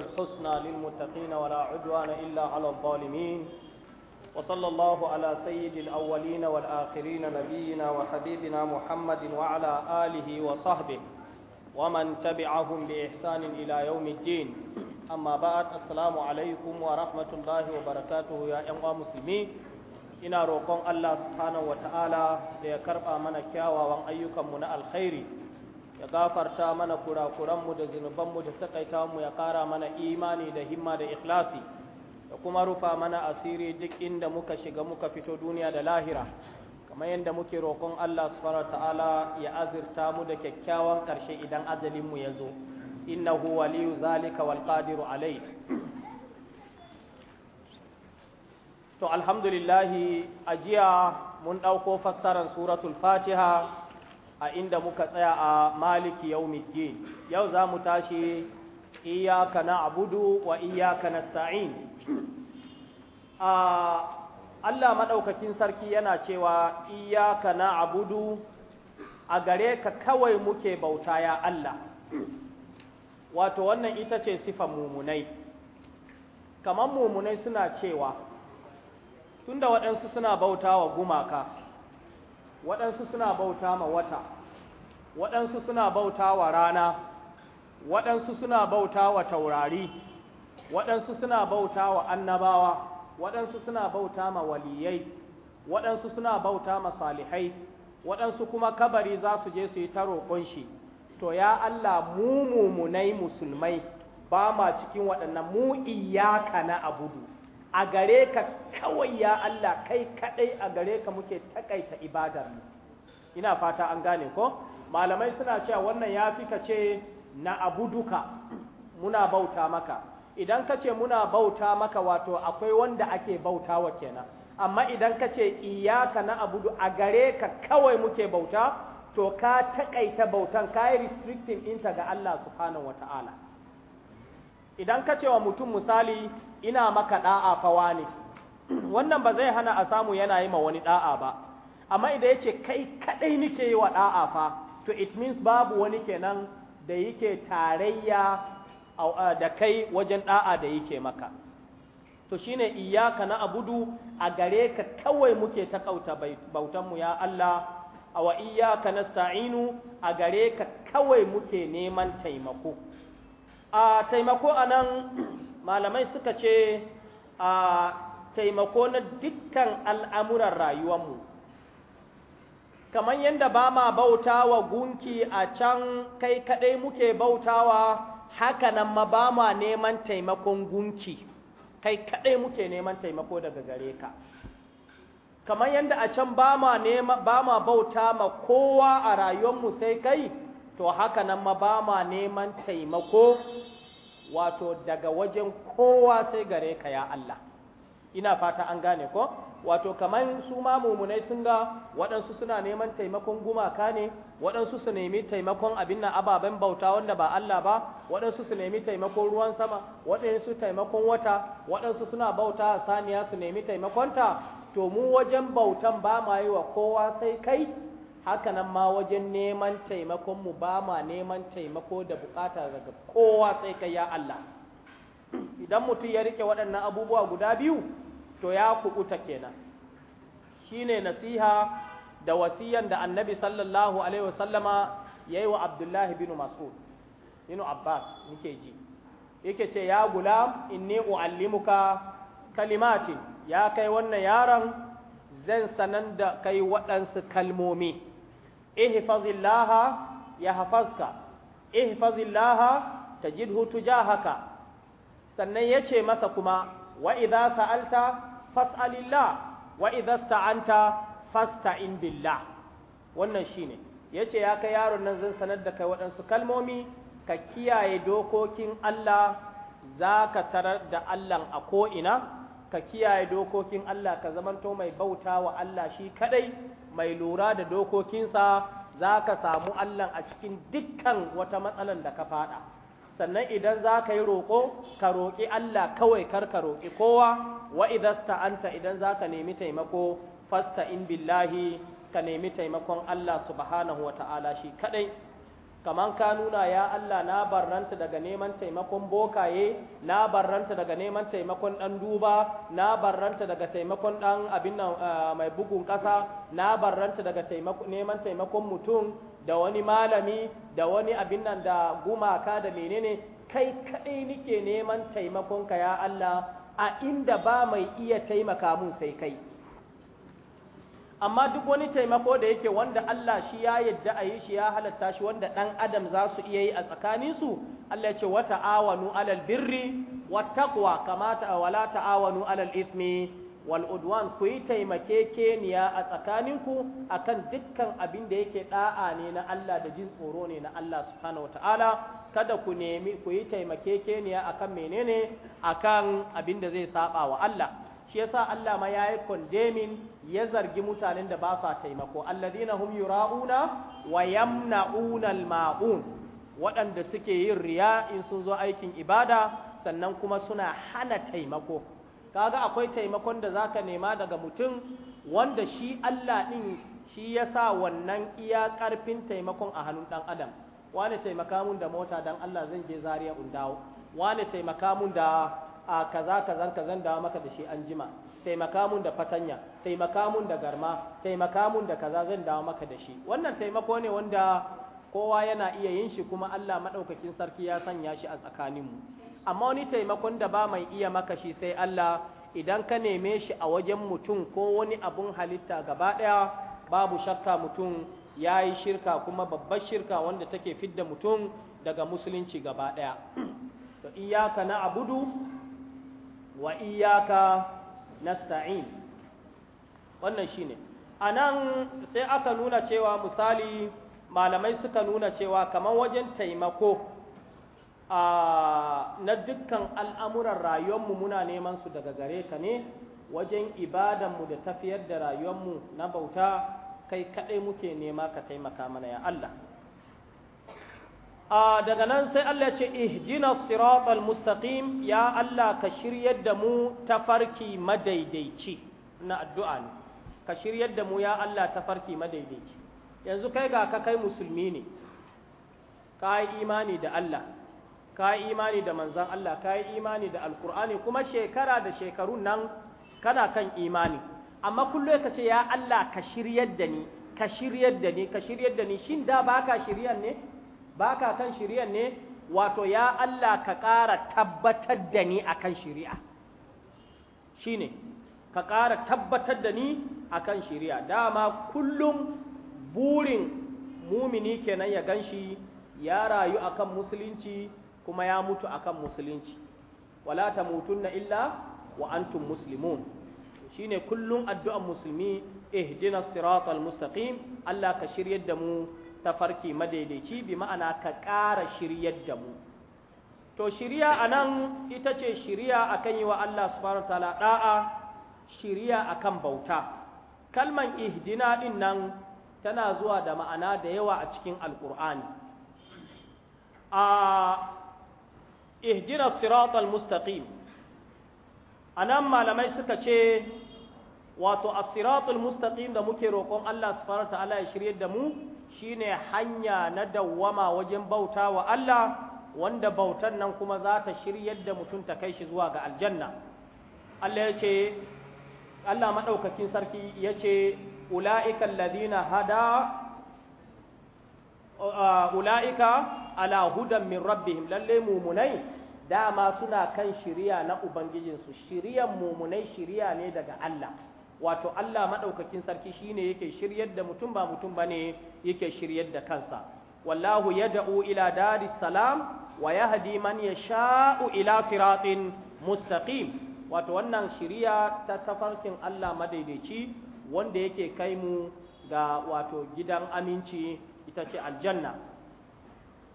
الحسنى للمتقين ولا عدوان إلا على الظالمين وصلى الله على سيد الأولين والآخرين نبينا وحبيبنا محمد وعلى آله وصحبه ومن تبعهم بإحسان إلى يوم الدين أما بعد السلام عليكم ورحمة الله وبركاته يا أيها المسلمين ina roƙon Allah subhanahu wa ta'ala da ya karɓa mana kyawawan ayyukanmu na alkhairi ya gafarta mana kurakuranmu da zunubanmu da mu ya ƙara mana imani da himma da ikhlasi da kuma rufa mana asiri duk inda muka shiga muka fito duniya da lahira kamar yadda muke roƙon Allah subhanahu ta'ala ya azirta mu da kyakkyawan ƙarshe idan ajalinmu ya zo innahu waliyu zalika wal qadiru alai to alhamdulillah ajiya mun ɗauko fassarar suratul fatiha a inda muka tsaya a maliki yaumiddin yau za mu tashi iyaka na abudu wa iyaka na sa'in Allah maɗaukakin sarki yana cewa iyaka na abudu a gare ka kawai muke bauta ya Allah wato wannan ita ce sifa mummunai. kamar mummunai suna cewa tunda waɗansu suna bauta wa gumaka waɗansu suna bauta ma wata waɗansu suna bauta wa rana waɗansu suna bauta wa taurari waɗansu suna bauta wa annabawa waɗansu suna bauta ma waliyai waɗansu suna bauta ma salihai waɗansu kuma kabari za su je su yi ta roƙon shi to ya Allah mu mumunai musulmai ba ma cikin waɗannan mu iyaka na abudu a gare ka kawai ya Allah kai kaɗai a gare ka muke takaita ibadar ina fata an gane ko malamai suna cewa wannan ya fi kace na abu muna bauta maka idan ka ce muna bauta maka wato akwai wanda ake bautawa kenan amma idan ka ce iyaka na abudu a gare ka kawai muke bauta to ka takaita bautan ka yi restricting inta ga Allah subhanahu wata'ala idan ka ce wa mutum misali ina maka da'a fa ne wannan ba zai hana a samu yana yi ma wani da'a ba amma idan yace kai kadai nike yi wa da'a fa to it means babu wani kenan da yake tarayya da kai wajen da'a da yake maka to shine iyyaka na abudu a gare ka kawai muke ta bautan bautanmu ya Allah awa iyyaka nasta'inu a gare ka kawai muke neman taimako a taimako anan malamai suka ce a taimako na dukkan al'amuran rayuwarmu kamar yadda ba ma wa gunki a can kai kaɗai muke bautawa haka nan ma ba ma neman taimakon gunki kai kaɗai muke neman taimako daga gare ka kamar yadda a can ba ma bauta ma kowa a rayuwarmu sai kai to haka nan ma ba ma neman taimako wato daga wajen kowa sai gare ka ya Allah ina fata an gane ko wato kamar su ma mumunai sun ga waɗansu suna neman taimakon gumaka ne waɗansu su nemi taimakon abin nan ababen bauta wanda ba Allah ba waɗansu su nemi taimakon ruwan sama waɗansu taimakon wata waɗansu suna bauta a saniya su nemi taimakonta to mu wajen bautan ba ma yi wa kowa sai kai haka nan ma wajen neman taimakon mu ba ma neman taimako da bukata daga kowa sai kai ya Allah idan mutum ya rike waɗannan abubuwa guda biyu to ya kuɓuta kenan shine nasiha da wasiyan da annabi sallallahu alaihi wasallama yayi wa abdullahi bin mas'ud bin abbas nike ji yake ce ya gulam inni uallimuka kalimatin ya kai wannan yaron zan sanan da kai waɗansu kalmomi ihfazillaha ya hafazka ihfazillaha tajidhu tujahaka sannan yace masa kuma wa idza sa'alta fas'alillah wa idza sta'anta fasta'in billah wannan shine yace ya kai yaron nan zan sanar da kai waɗansu kalmomi ka kiyaye dokokin Allah zaka tarar da Allah a ko'ina. ka kiyaye dokokin Allah ka zamanto mai bauta wa Allah shi kadai mai lura da dokokinsa zaka samu Allah a cikin dukkan wata matsalan da ka fada sannan idan za ka yi roƙo ka roƙi Allah kawai kar ka roƙi kowa wa idan za ka nemi taimako fasta in billahi ka nemi taimakon Allah subhanahu wa ta'ala shi kadai kaman ka nuna ya Allah na barranta daga neman taimakon bokaye na barranta daga neman taimakon dan duba na barranta daga taimakon dan abin eh, mai bugun ƙasa na barranta daga neman taimakon mutum da wani malami da wani abin nan da gumaka da menene kai kadai nike neman taimakonka ya Allah a inda ba mai iya taimaka mun sai kai amma duk wani taimako da yake wanda Allah shi ya yadda a yi shi ya halatta shi wanda ɗan adam za su iya yi a tsakaninsu Allah ya ce wa ta'awanu alal birri wa taqwa kamata wala ta'awanu alal ismi wal udwan ku yi taimakekeniya a tsakaninku akan dukkan abin da yake da'a ne na Allah da jin tsoro ne na Allah subhanahu wataala kada ku nemi ku yi taimakekeniya akan menene akan abin da zai saba wa Allah shi yasa Allah ma yayi condemning ya zargi mutanen da ba sa taimako alladina hum yura'una wa yamna'una al-ma'un waɗanda suke yin riya in sun zo aikin ibada sannan kuma suna hana taimako kaga akwai taimakon da zaka nema daga mutum wanda shi Allah din shi sa wannan iya karfin taimakon a hannun ɗan adam wani taimaka da mota dan Allah zan je zariya in dawo wani taimaka da a kaza kazan kazan da maka da shi an jima taimaka mun da fatanya taimaka da garma taimaka da kaza zan dawo maka da shi wannan taimako ne wanda kowa yana iya yin shi kuma Allah madaukakin sarki ya sanya shi a tsakaninmu amma wani taimakon da ba mai iya maka shi sai Allah idan ka neme shi a wajen mutum ko wani abun halitta gaba ɗaya babu shakka mutum ya yi shirka kuma babbar shirka wanda take fidda mutum daga musulunci gaba ɗaya to iyaka na abudu wa iyaka na sa'in wannan shi ne. a nan sai aka nuna cewa misali malamai suka nuna cewa kamar wajen taimako na dukkan al'amuran rayuwanmu muna neman su daga gare ka ne wajen ibadanmu da tafiyar da rayuwanmu na bauta kai kaɗai muke nema ka taimaka mana ya Allah. Daga nan sai Allah ce, Ihdina siratal mustaqim ya Allah ka shiryar da mu tafarki madaidaici na addu'a ne, ka shiryar da mu ya Allah tafarki madaidaici. Yanzu kai ga ka kai musulmi ne, ka yi imani da Allah. ka yi imani da manzan Allah ka yi imani da alkur'ani kuma shekara da shekaru nan kana kan imani amma kullum ka ce ya Allah ka shiryar da ni ka shiryar da ni ka shiryar da ni shin da baka shiryan ne baka kan shiryan ne wato ya Allah ka ƙara tabbatar da ni akan shari'a shine ka ƙara tabbatar da ni akan shari'a dama kullum burin mumini kenan ya ganshi ya rayu akan musulunci kuma ya mutu akan musulunci wala na illa wa antum muslimun shine kullum addu'an musulmi ihdinas siratal mustaqim Allah ka shiryar da mu tafarki madaidaici bi ma'ana ka ƙara shiryar da mu to shiriya anan ita ce shiriya akan yi wa Allah subhanahu wataala da'a shiriya akan bauta kalman ihdina din nan tana zuwa da ma'ana da yawa a cikin alqur'ani a ihdina siratal mustaqim anan malamai suka ce wato a siratul mustaqim da muke roƙon Allah subhanahu ta'ala ya shirye da mu shine hanya na dawwama wajen bauta wa Allah wanda bautan nan kuma za ta shiryar da mutum ta kai shi zuwa ga aljanna Allah ya ce Allah madaukakin sarki ya ce ulaika alladhina hada ulaika ala hudan min rabbihim lalle mumunai dama suna kan shiriya na ubangijinsu shiriyan mumunai shiriya ne daga Allah wato Allah madaukakin sarki shine yake shiryar da mutum ba mutum bane yake shiryar da kansa wallahu yad'u ila daris salam wa yahdi man sha'u ila siratin mustaqim wato wannan shiriya ta tafarkin Allah madaidaici wanda yake kai mu ga wato gidan aminci ita ce aljanna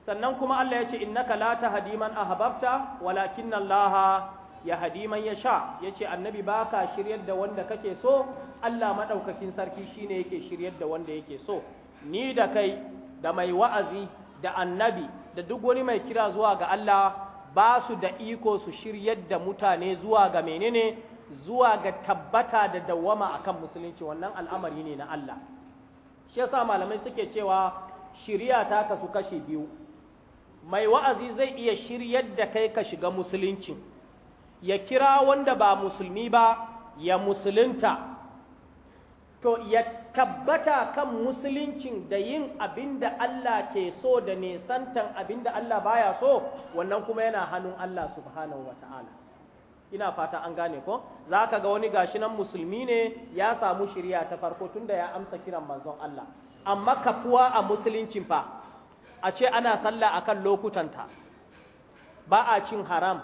sannan kuma Allah ya ce innaka la tahdi man ahbabta walakin Allah ya hadi man yasha yace annabi baka shiryar da wanda kake so Allah madaukakin sarki shine yake shiryar da wanda yake so ni da kai da mai wa'azi da annabi da duk wani mai kira zuwa ga Allah ba su da iko su shiryar da mutane zuwa ga menene zuwa ga tabbata da dawwama akan musulunci wannan al'amari ne na Allah shi yasa malamai suke cewa shiriya ta kasu kashi biyu mai wa'azi zai iya shiryar da kai ka shiga musulunci ya kira wanda ba musulmi ba ya musulunta to ya tabbata kan musuluncin da yin abin da Allah ke so da nesantan abin da Allah baya so wannan kuma yana hannun Allah subhanahu wa ta'ala ina fata an gane ko za ka ga wani gashi nan musulmi ne ya samu shirya ta farko tunda ya amsa kiran manzon Allah amma kafuwa a musuluncin fa a ce ana sallah akan lokutanta ba a cin haram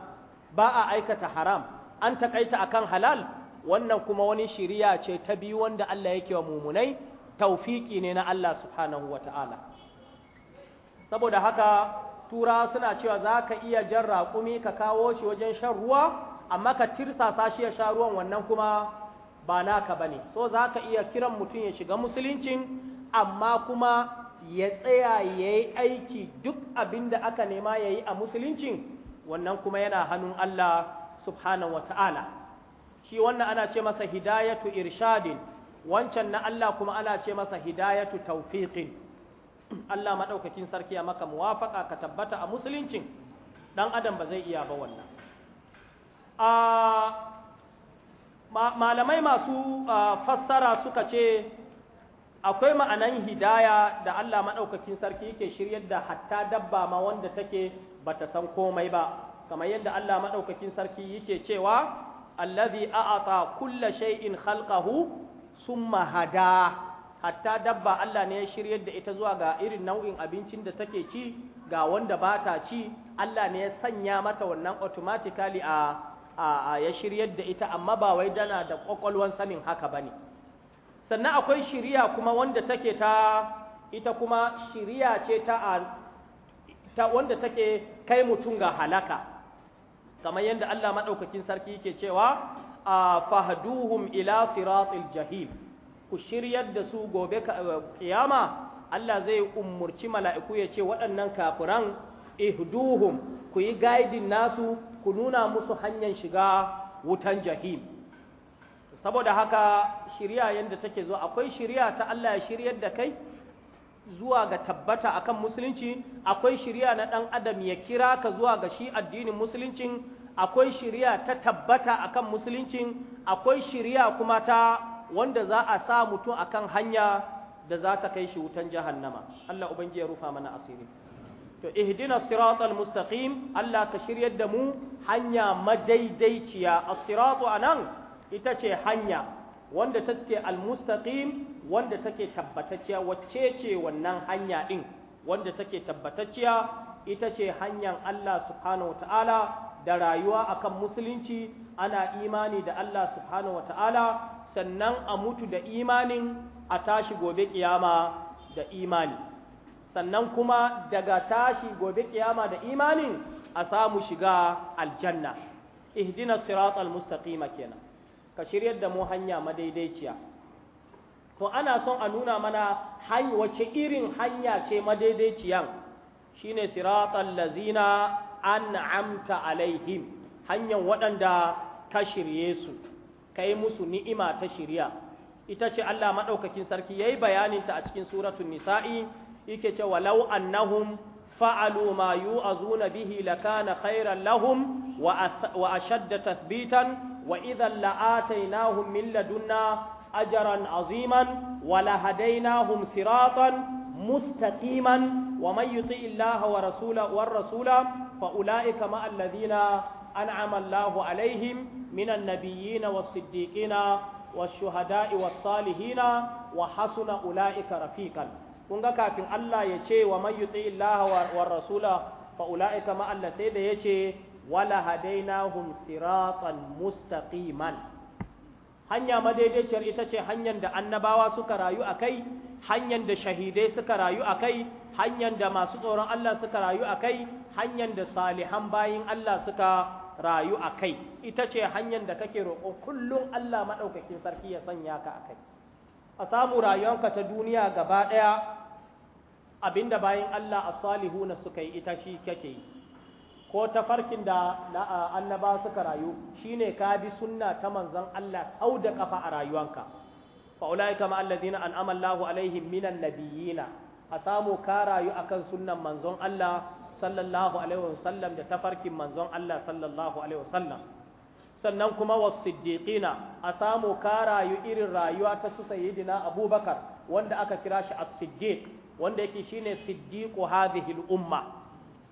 ba a aikata haram an a kan halal wannan kuma wani shiriya ce ta biyu wanda Allah yake wa mummunai, taufiƙi ne na Allah subhanahu Ta'ala. saboda haka tura suna cewa za ka iya jan raƙumi ka kawo shi wajen shan ruwa amma ka tirsasa shi ya sha ruwan wannan kuma ba naka ba ne. so za ka iya kiran mutum ya shiga musuluncin amma kuma ya tsaya ya yi aiki duk abin da aka nema ya yi a musuluncin wannan kuma yana hannun Allah subhanahu wata'ala shi wannan ana ce masa hidayatu irshadin wancan na Allah kuma ana ce masa hidayatu taufiqin Allah maɗaukakin sarki ya maka muwafaƙa ka tabbata a musuluncin ɗan adam ba zai iya ba wannan malamai masu fassara suka ce akwai ma'anan hidaya da Allah maɗaukakin sarki yake shiryar da hatta dabba ma wanda take bata san komai ba kamar yadda Allah maɗaukakin sarki yake cewa allazi a'ata kulla shay'in khalqahu summa hada hatta dabba Allah ne ya shiryar da ita zuwa ga irin nau'in abincin da take ci ga wanda ba ta ci Allah ne ya sanya mata wannan automatically a a ya shiryar da ita amma ba wai dana da kwakwalwan sanin haka bane sannan akwai shiriya kuma wanda take ta ita kuma shiriya ce ta ta wanda take kai mutum ga halaka kamar yadda Allah madaukakin sarki yake cewa a fahduhum ila siratil jahim ku shiryar da su gobe eh, kiyama Allah zai umurci mala'iku ya ce waɗannan kafiran ihduhum ku yi guiding nasu ku nuna musu hanyar shiga wutan jahim saboda haka shirya yadda take zuwa akwai shirya ta Allah ya shiryar da kai zuwa ga tabbata akan musulunci akwai shirya na ɗan adam ya kira ka zuwa ga shi addinin musulunci akwai shirya ta tabbata akan musulunci akwai shirya kuma ta wanda za a sa mutum akan hanya da za ta kai shi wutan jahannama Allah ubangiji ya rufa mana asiri to ihdina siratal mustaqim Allah ka shiryar da mu hanya madaidaiciya as-siratu anan ita ce hanya wanda take almustaqim wanda take tabbatacciya wacce ce wannan hanya in? wanda take tabbatacciya ita ce hanyar Allah subhanahu ta'ala da rayuwa akan musulunci ana imani da Allah subhanahu ta'ala, sannan a mutu da imanin a tashi gobe kiyama da imani sannan kuma daga tashi gobe kiyama da imanin a samu shiga aljanna ihdina siratal mustaqima kenan ka shiryar da mu hanya madaidaiciya to ana son a nuna mana hanyar wace irin hanya ce madaidaiciyan shine siratal lazina an'amta alaihim hanyar waɗanda ka shirye su ka yi musu ni'ima ta shirya ita ce Allah maɗaukakin sarki ya yi bayaninta a cikin suratun nisa'i ike ce walau annahum فعلوا ما يؤذون به لكان خيرا لهم وأشد تثبيتا وإذا لآتيناهم من لدنا أجرا عظيما ولهديناهم صراطا مستقيما ومن يطع الله ورسوله والرسول فأولئك مع الذين أنعم الله عليهم من النبيين والصديقين والشهداء والصالحين وحسن أولئك رفيقا kun ga kafin Allah ya ce wa man yuti Allah wa rasula fa ulaika ma Allah sai da yace wala hadainahum siratan mustaqiman hanya madaidaiciyar ita ce hanyar da annabawa suka rayu akai hanyar da shahidai suka rayu akai hanyar da masu tsoron Allah suka rayu akai hanyar da salihan bayin Allah suka rayu akai ita ce hanyar da kake roƙo kullum Allah madaukakin sarki ya sanya ka akai a samu rayuwarka ta duniya gaba ɗaya abinda bayan Allah a salihuna suka yi ita shi kake yi ko tafarkin da annaba suka rayu shine ka bi sunna ta manzon Allah sau da kafa a rayuwanka fa kama ma alladhina an'ama alaihim minan nabiyina a samu ka rayu akan sunnan manzon Allah sallallahu alaihi wasallam da tafarkin manzon Allah sallallahu alaihi wasallam sannan kuma wasu siddiqina a samu ka rayu irin rayuwa ta su sayyidina Abubakar wanda aka kira shi as-siddiq wanda yake shine siddiqu hadhihi umma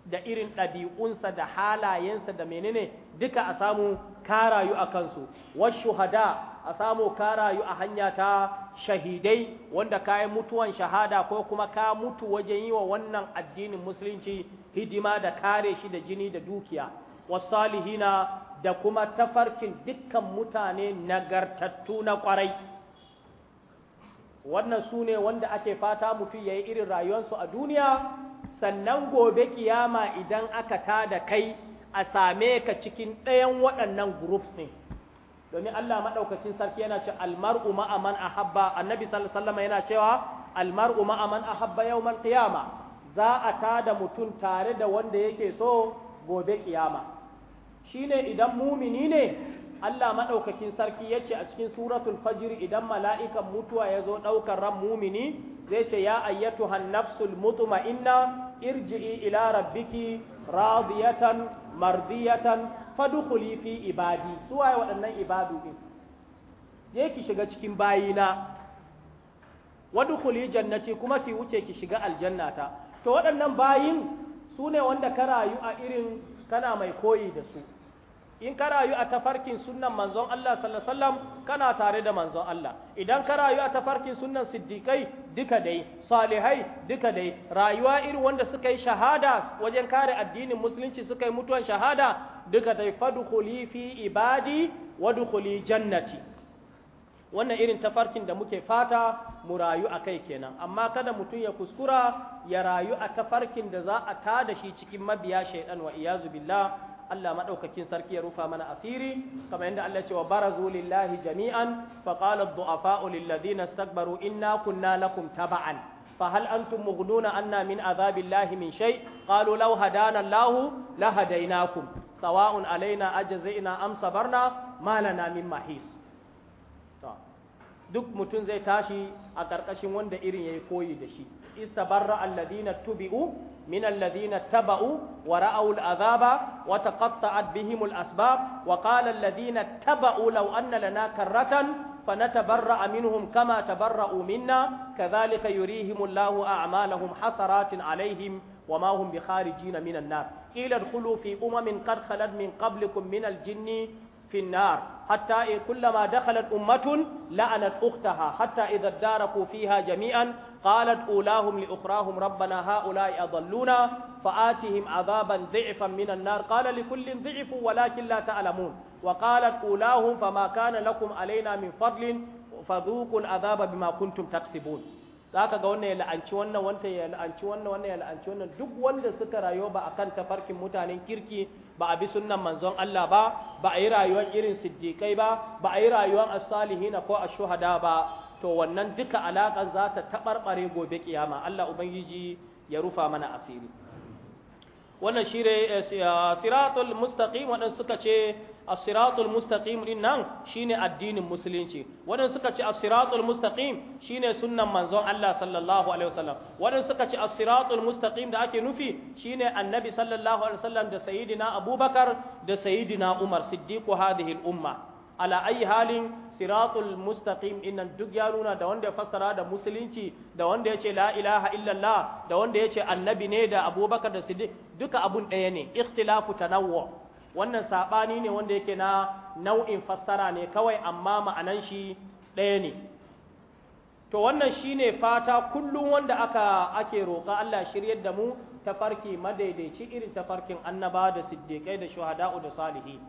da irin ɗabi'unsa da halayensa da menene duka a samu karayu a kansu washuhada a samu karayu a hanya ta shahidai wanda kayan mutuwan shahada ko kuma ka mutu wajen yi wa wannan addinin musulunci hidima da kare shi da jini da dukiya wasalihina da kuma tafarkin dukkan mutane nagartattu na kwarai wannan su ne wanda ake fata mutum ya yi irin rayuwarsu a duniya sannan gobe kiyama idan aka ta da kai a same ka cikin ɗayan waɗannan groups ne domin Allah maɗaukacin sarki yana ce almar'u ma'a a ahabba annabi sallallahu yana cewa almar'u ma'a man ahabba yawmal qiyama za a ta da mutum tare da wanda yake so gobe kiyama shine idan mumini ne Allah maɗaukakin sarki ya ce a cikin suratul fajr idan mala'ikan mutuwa ya zo ɗaukar ran mumini zai ce ya ayyatu hannafsul mutuma inna irji'i ila rabbiki radiyatan mardiyatan fadukuli fi ibadi suwaye waɗannan ibadu ɗin je ki shiga cikin bayina wadukuli jannati kuma ki wuce ki shiga aljannata to waɗannan bayin su ne wanda ka rayu a irin kana mai koyi da su in ka rayu a tafarkin sunnan manzon Allah sallallahu alaihi wasallam kana tare da manzon Allah idan ka rayu a tafarkin sunnan siddiqai duka dai salihai duka dai rayuwa irin wanda suka yi shahada wajen kare addinin musulunci suka yi mutuwan shahada duka dai fadkhuli fi ibadi wadkhuli jannati wannan irin tafarkin da muke fata mu rayu a kai kenan amma kada mutum ya kuskura ya rayu a tafarkin da za a tada shi cikin mabiya shaydan wa iyazu billah Allah maɗaukacin sarki ya rufa mana asiri kamar yadda Allah cewa barazu lillahi jami'an fa qala ad-du'afa'u lil istakbaru inna kunna lakum taba'an fa hal antum mughnuna anna min azabillahi min shay qalu law hadana Allah la hadainakum sawa'un alaina ajza'ina am sabarna ma lana min mahis duk mutum zai tashi a ƙarƙashin wanda irin yayi koyi da shi استبرأ الذين اتبعوا من الذين اتبعوا ورأوا العذاب وتقطعت بهم الأسباب وقال الذين اتبعوا لو أن لنا كرة فنتبرأ منهم كما تبرأوا منا كذلك يريهم الله أعمالهم حسرات عليهم وما هم بخارجين من النار قيل ادخلوا في أمم قد خلت من قبلكم من الجن في النار hatta e kullama dakhalat ummatun la'anat ukhtaha hatta idha daraku fiha jami'an qalat ulahum li ukhrahum rabbana haula'i adalluna fa'atihim azaban dhi'fan minan nar qala li kullin dhi'fu walakin la ta'lamun wa qalat ulahum fama kana lakum alaina min fadlin fadhuqul adhaba bima kuntum taksibun za ka ga wannan ya la'anci wannan wanta ya la'anci wannan wannan duk wanda suka rayu a kan tafarkin mutanen kirki ba a bi sunnan manzon Allah ba ba a yi rayuwar irin siddiƙai ba ba a yi rayuwar as-salihina ko ash-shuhada ba to wannan duka alaƙar za ta taɓarɓare gobe kiyama Allah ubangiji ya rufa mana asiri wannan shi ne eh, eh, siratul mustaqim waɗanda suka ce as-siratul mustaqim nan shine addinin musulunci waɗanda suka ce as-siratul mustaqim shine sunnan manzon Allah sallallahu alaihi wasallam waɗanda suka ce as-siratul mustaqim da ake nufi shine annabi sallallahu alaihi wasallam da sayyidina Abubakar da sayyidina Umar siddiqu hadhihi al-umma ala ayi halin siratul mustaqim inna duk ya nuna da wanda ya fassara da musulunci da wanda ya ce la ilaha illallah da wanda ya ce annabi ne da abubakar da siddiq duka abun ɗaya ne ikhtilafu tanawwu wannan sabani ne wanda yake na nau'in fassara ne kawai amma ma'anan shi ɗaya ne to wannan shine fata kullum wanda aka ake roƙa Allah shiryar da mu tafarki madaidaici irin tafarkin annaba da siddiqai da shuhada'u da salihi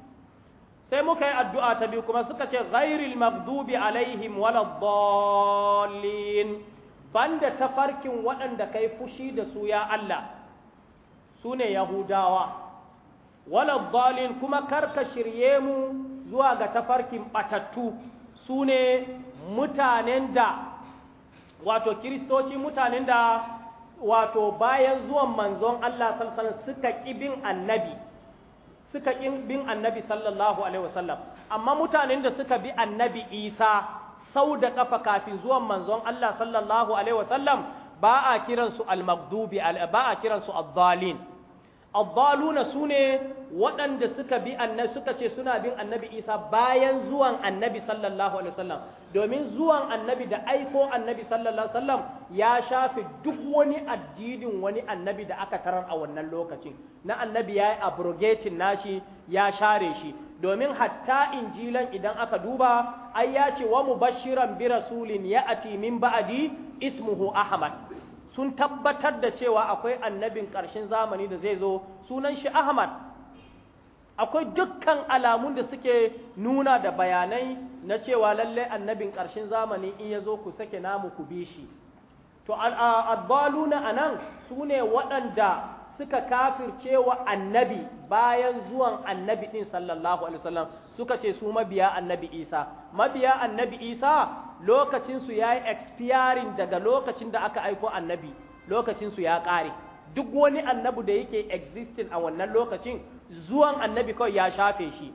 sai muka yi addu'a ta biyu kuma suka ce ghairil maghdubi alaihim waladdallin banda tafarkin waɗanda kai fushi da su ya Allah su ne yahudawa waladdallin kuma karka shirye mu zuwa ga tafarkin batattu su ne mutanen da wato kiristoci mutanen da wato bayan zuwan manzon Allah sallallahu suka ƙibin annabi suka ƙin bin annabi sallallahu alaihi wasallam amma mutanen da suka bi annabi isa sau da ƙafa kafin zuwan manzon Allah sallallahu alaihi wasallam ba a kiransu al-maghdubi ba a kiransu ad-dallin abbaluna su ne waɗanda suka bi annabi suka ce suna bin annabi isa bayan zuwan annabi sallallahu alaihi wasallam domin zuwan annabi da aiko annabi sallallahu alaihi wasallam ya shafi duk wani addinin wani annabi da aka tarar a wannan lokacin na annabi ya yi abrogating nashi ya share shi domin hatta injilan idan aka duba ai ya ce wa mubashiran bi rasulin ya'ati min ba'di ismuhu ahmad sun tabbatar da cewa akwai annabin ƙarshen zamani da zai zo sunan shi Ahmad akwai dukkan alamun da suke nuna da bayanai na cewa lallai annabin ƙarshen zamani in ya zo ku sake namu ku bi shi to al'adbaluna a nan su ne waɗanda suka kafirce wa annabi bayan zuwan annabi din sallallahu alaihi wasallam suka ce su mabiya annabi Isa mabiya annabi Isa lokacinsu su yayi expiring daga lokacin da aka aiko annabi lokacinsu ya kare duk wani annabi da yake existing a wannan lokacin zuwan annabi kawai ya shafe shi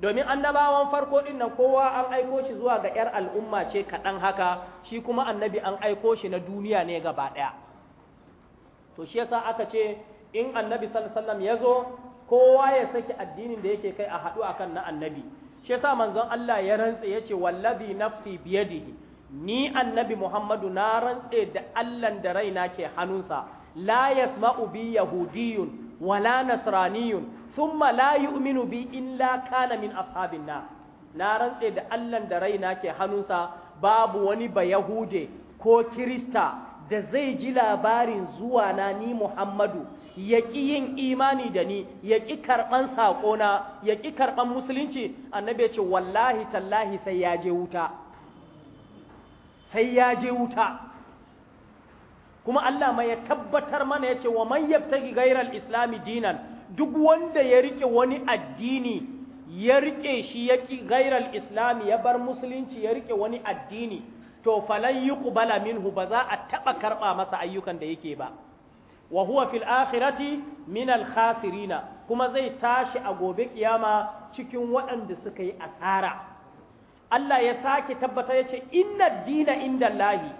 domin annabawan farko din nan kowa an aiko shi zuwa ga 'yar al'umma ce kaɗan haka shi kuma annabi an aiko shi na duniya ne gaba ɗaya to shi yasa aka ce in annabi sallallahu alaihi wasallam ya zo kowa ya saki addinin da yake kai a haɗu akan na annabi shi yasa manzon Allah ya rantse ya ce wallazi nafsi biyadihi ni annabi Muhammadu na rantse da Allah da raina ke hannunsa la yasma'u bi yahudiyyun wala nasraniyyun thumma la yu'minu bi illa kana min ashabin nar na rantse da Allah da raina ke hannunsa babu wani ba yahude ko kirista da zai ji labarin zuwa na ni Muhammadu ya ƙi yin imani da ni ya ƙi karɓan saƙona ya ƙi karɓan musulunci annabi ya ce wallahi tallahi sai ya je wuta sai ya je wuta kuma Allah ma ya tabbatar mana ya ce wa man yabtagi gairar islami dinan duk wanda ya rike wani addini ya rike shi ya ƙi gairar islami ya bar musulunci ya rike wani addini to falan yuqbala minhu ba za a taɓa karɓa masa ayyukan da yake ba wa huwa fil akhirati min al khasirina kuma zai tashi a gobe kiyama cikin waɗanda suka yi asara Allah ya sake tabbata yace inna dina lahi.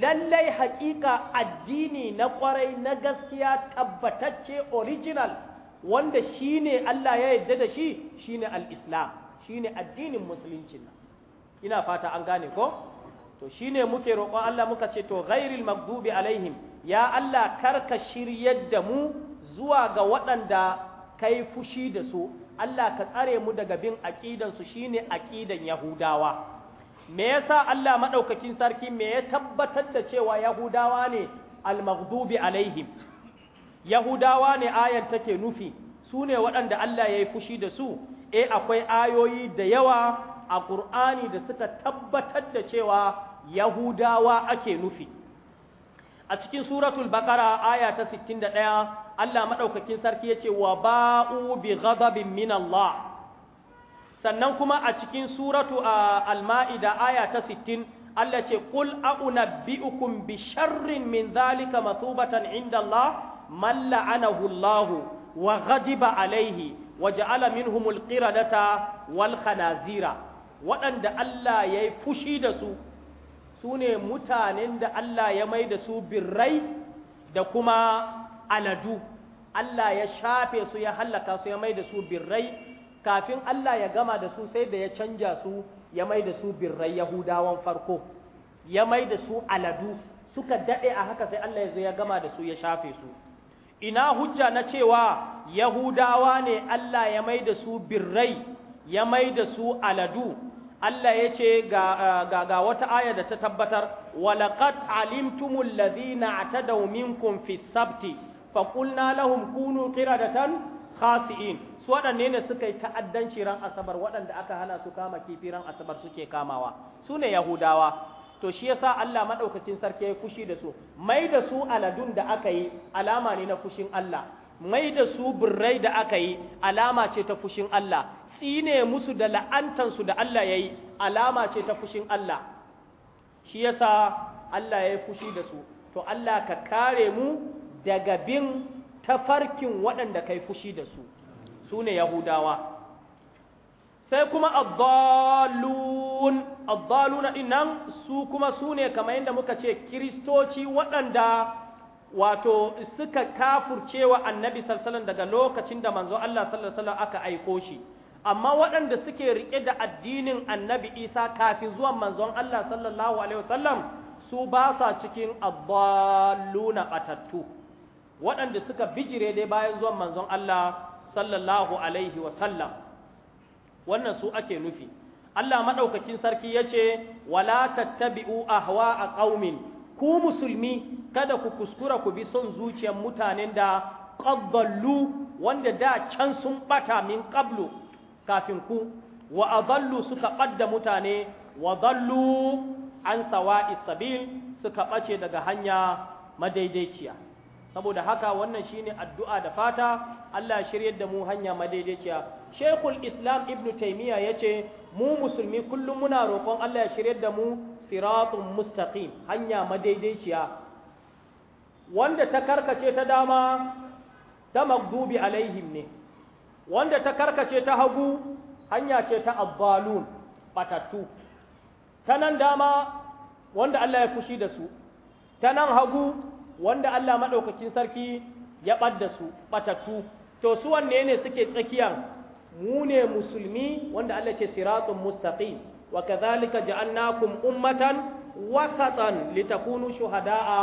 lallai haƙiƙa addini na ƙwarai na gaskiya tabbatacce original wanda shine Allah ya yarda da shi shine al-islam shine addinin musulunci ina fata an gane ko to shine muke roƙon Allah muka ce to ghairil maghdubi alaihim ya Allah karka shiryar da mu zuwa ga waɗanda kai fushi da su Allah ka tsare mu daga bin aƙidansu su shine aƙidan Yahudawa me yasa Allah madaukakin sarki me ya tabbatar da cewa Yahudawa ne al alaihim Yahudawa ne ayan take nufi su ne waɗanda Allah ya yi fushi da su eh akwai ayoyi da yawa a ƙur'ani da suka tabbatar da cewa yahudawa ake nufi a cikin suratul bakara aya ta 61 Allah maɗaukakin sarki ya ce wa ba'u bi ghadabin min Allah sannan kuma a cikin suratu al-ma'ida aya ta 60 Allah ce qul a'unabbi'ukum bi sharrin min zalika matubatan inda Allah man la'anahu Allah wa ghadiba alaihi wa ja'ala minhumul qiradata wal khanazira waɗanda Allah ya yi fushi da su su ne mutanen da Allah ya mai da su birrai da kuma aladu Allah ya shafe su ya hallaka su ya mai da su birrai kafin Allah ya gama da su sai da ya canja su ya mai da su birrai yahudawan farko ya mai da su aladu suka daɗe a haka sai Allah ya zo ya gama da su ya shafe su ina hujja na cewa yahudawa ne Allah ya mai da su birrai ya mai da su aladu Allah ya ce ga wata aya da ta tabbatar walaƙat alimtumul ladina ta daumin fi sabti faƙulna lahum kunu qiradatan khasi'in su waɗanne ne suka yi ta'addanci ran asabar waɗanda aka hana su kama kifi ran asabar suke kamawa su ne yahudawa to shi yasa Allah maɗaukacin sarki ya fushi da su mai da su aladun da aka yi alama ne na fushin Allah mai da su birrai da aka yi alama ce ta fushin Allah tsine musu da la'antansu da Allah ya yi alama ce ta fushin Allah shi yasa Allah ya yi fushi da su to Allah ka kare mu daga bin tafarkin waɗanda ka yi fushi da su su ne Yahudawa sai kuma abbalun, abbaluna inan su kuma su ne kamar yadda muka ce kiristoci waɗanda wato suka kafurcewa annabi sallallahu daga lokacin da manzo Allah sallallahu aka aiko shi amma waɗanda suke riƙe da addinin annabi isa kafin zuwan manzon Allah sallallahu alaihi wasallam su ba sa cikin abbaluna batattu waɗanda suka bijire dai bayan zuwan manzon Allah sallallahu alaihi wasallam wannan su ake nufi Allah maɗaukakin sarki ya ce wala tattabi'u hawa a ƙaumin ku musulmi kada ku kuskura ku bi son zuciyar mutanen da ƙaddalu wanda da can sun ɓata min ƙablu kafin ku wa adallu suka ɓadda mutane wa dallu an sawa'is sabil suka ɓace daga hanya madaidaiciya saboda haka wannan shine addu'a da fata Allah shiryar da mu hanya madaidaiciya Sheikhul Islam Ibn Taymiyyah yace mu musulmi kullum muna roƙon Allah ya shiryar da mu siratun mustaqim hanya madaidaiciya wanda ta karkace ta dama ta magdubi alaihim ne wanda ta karkace ta hagu hanya ce ta abbalun batattu ta nan dama wanda Allah ya fushi da su ta nan hagu wanda Allah maɗaukakin sarki ya ɓadda su batattu to su wanne ne suke tsakiyan mu ne musulmi wanda Allah ke siratun mustaqim wa kadhalika ja'alnakum ummatan wasatan litakunu shuhada'a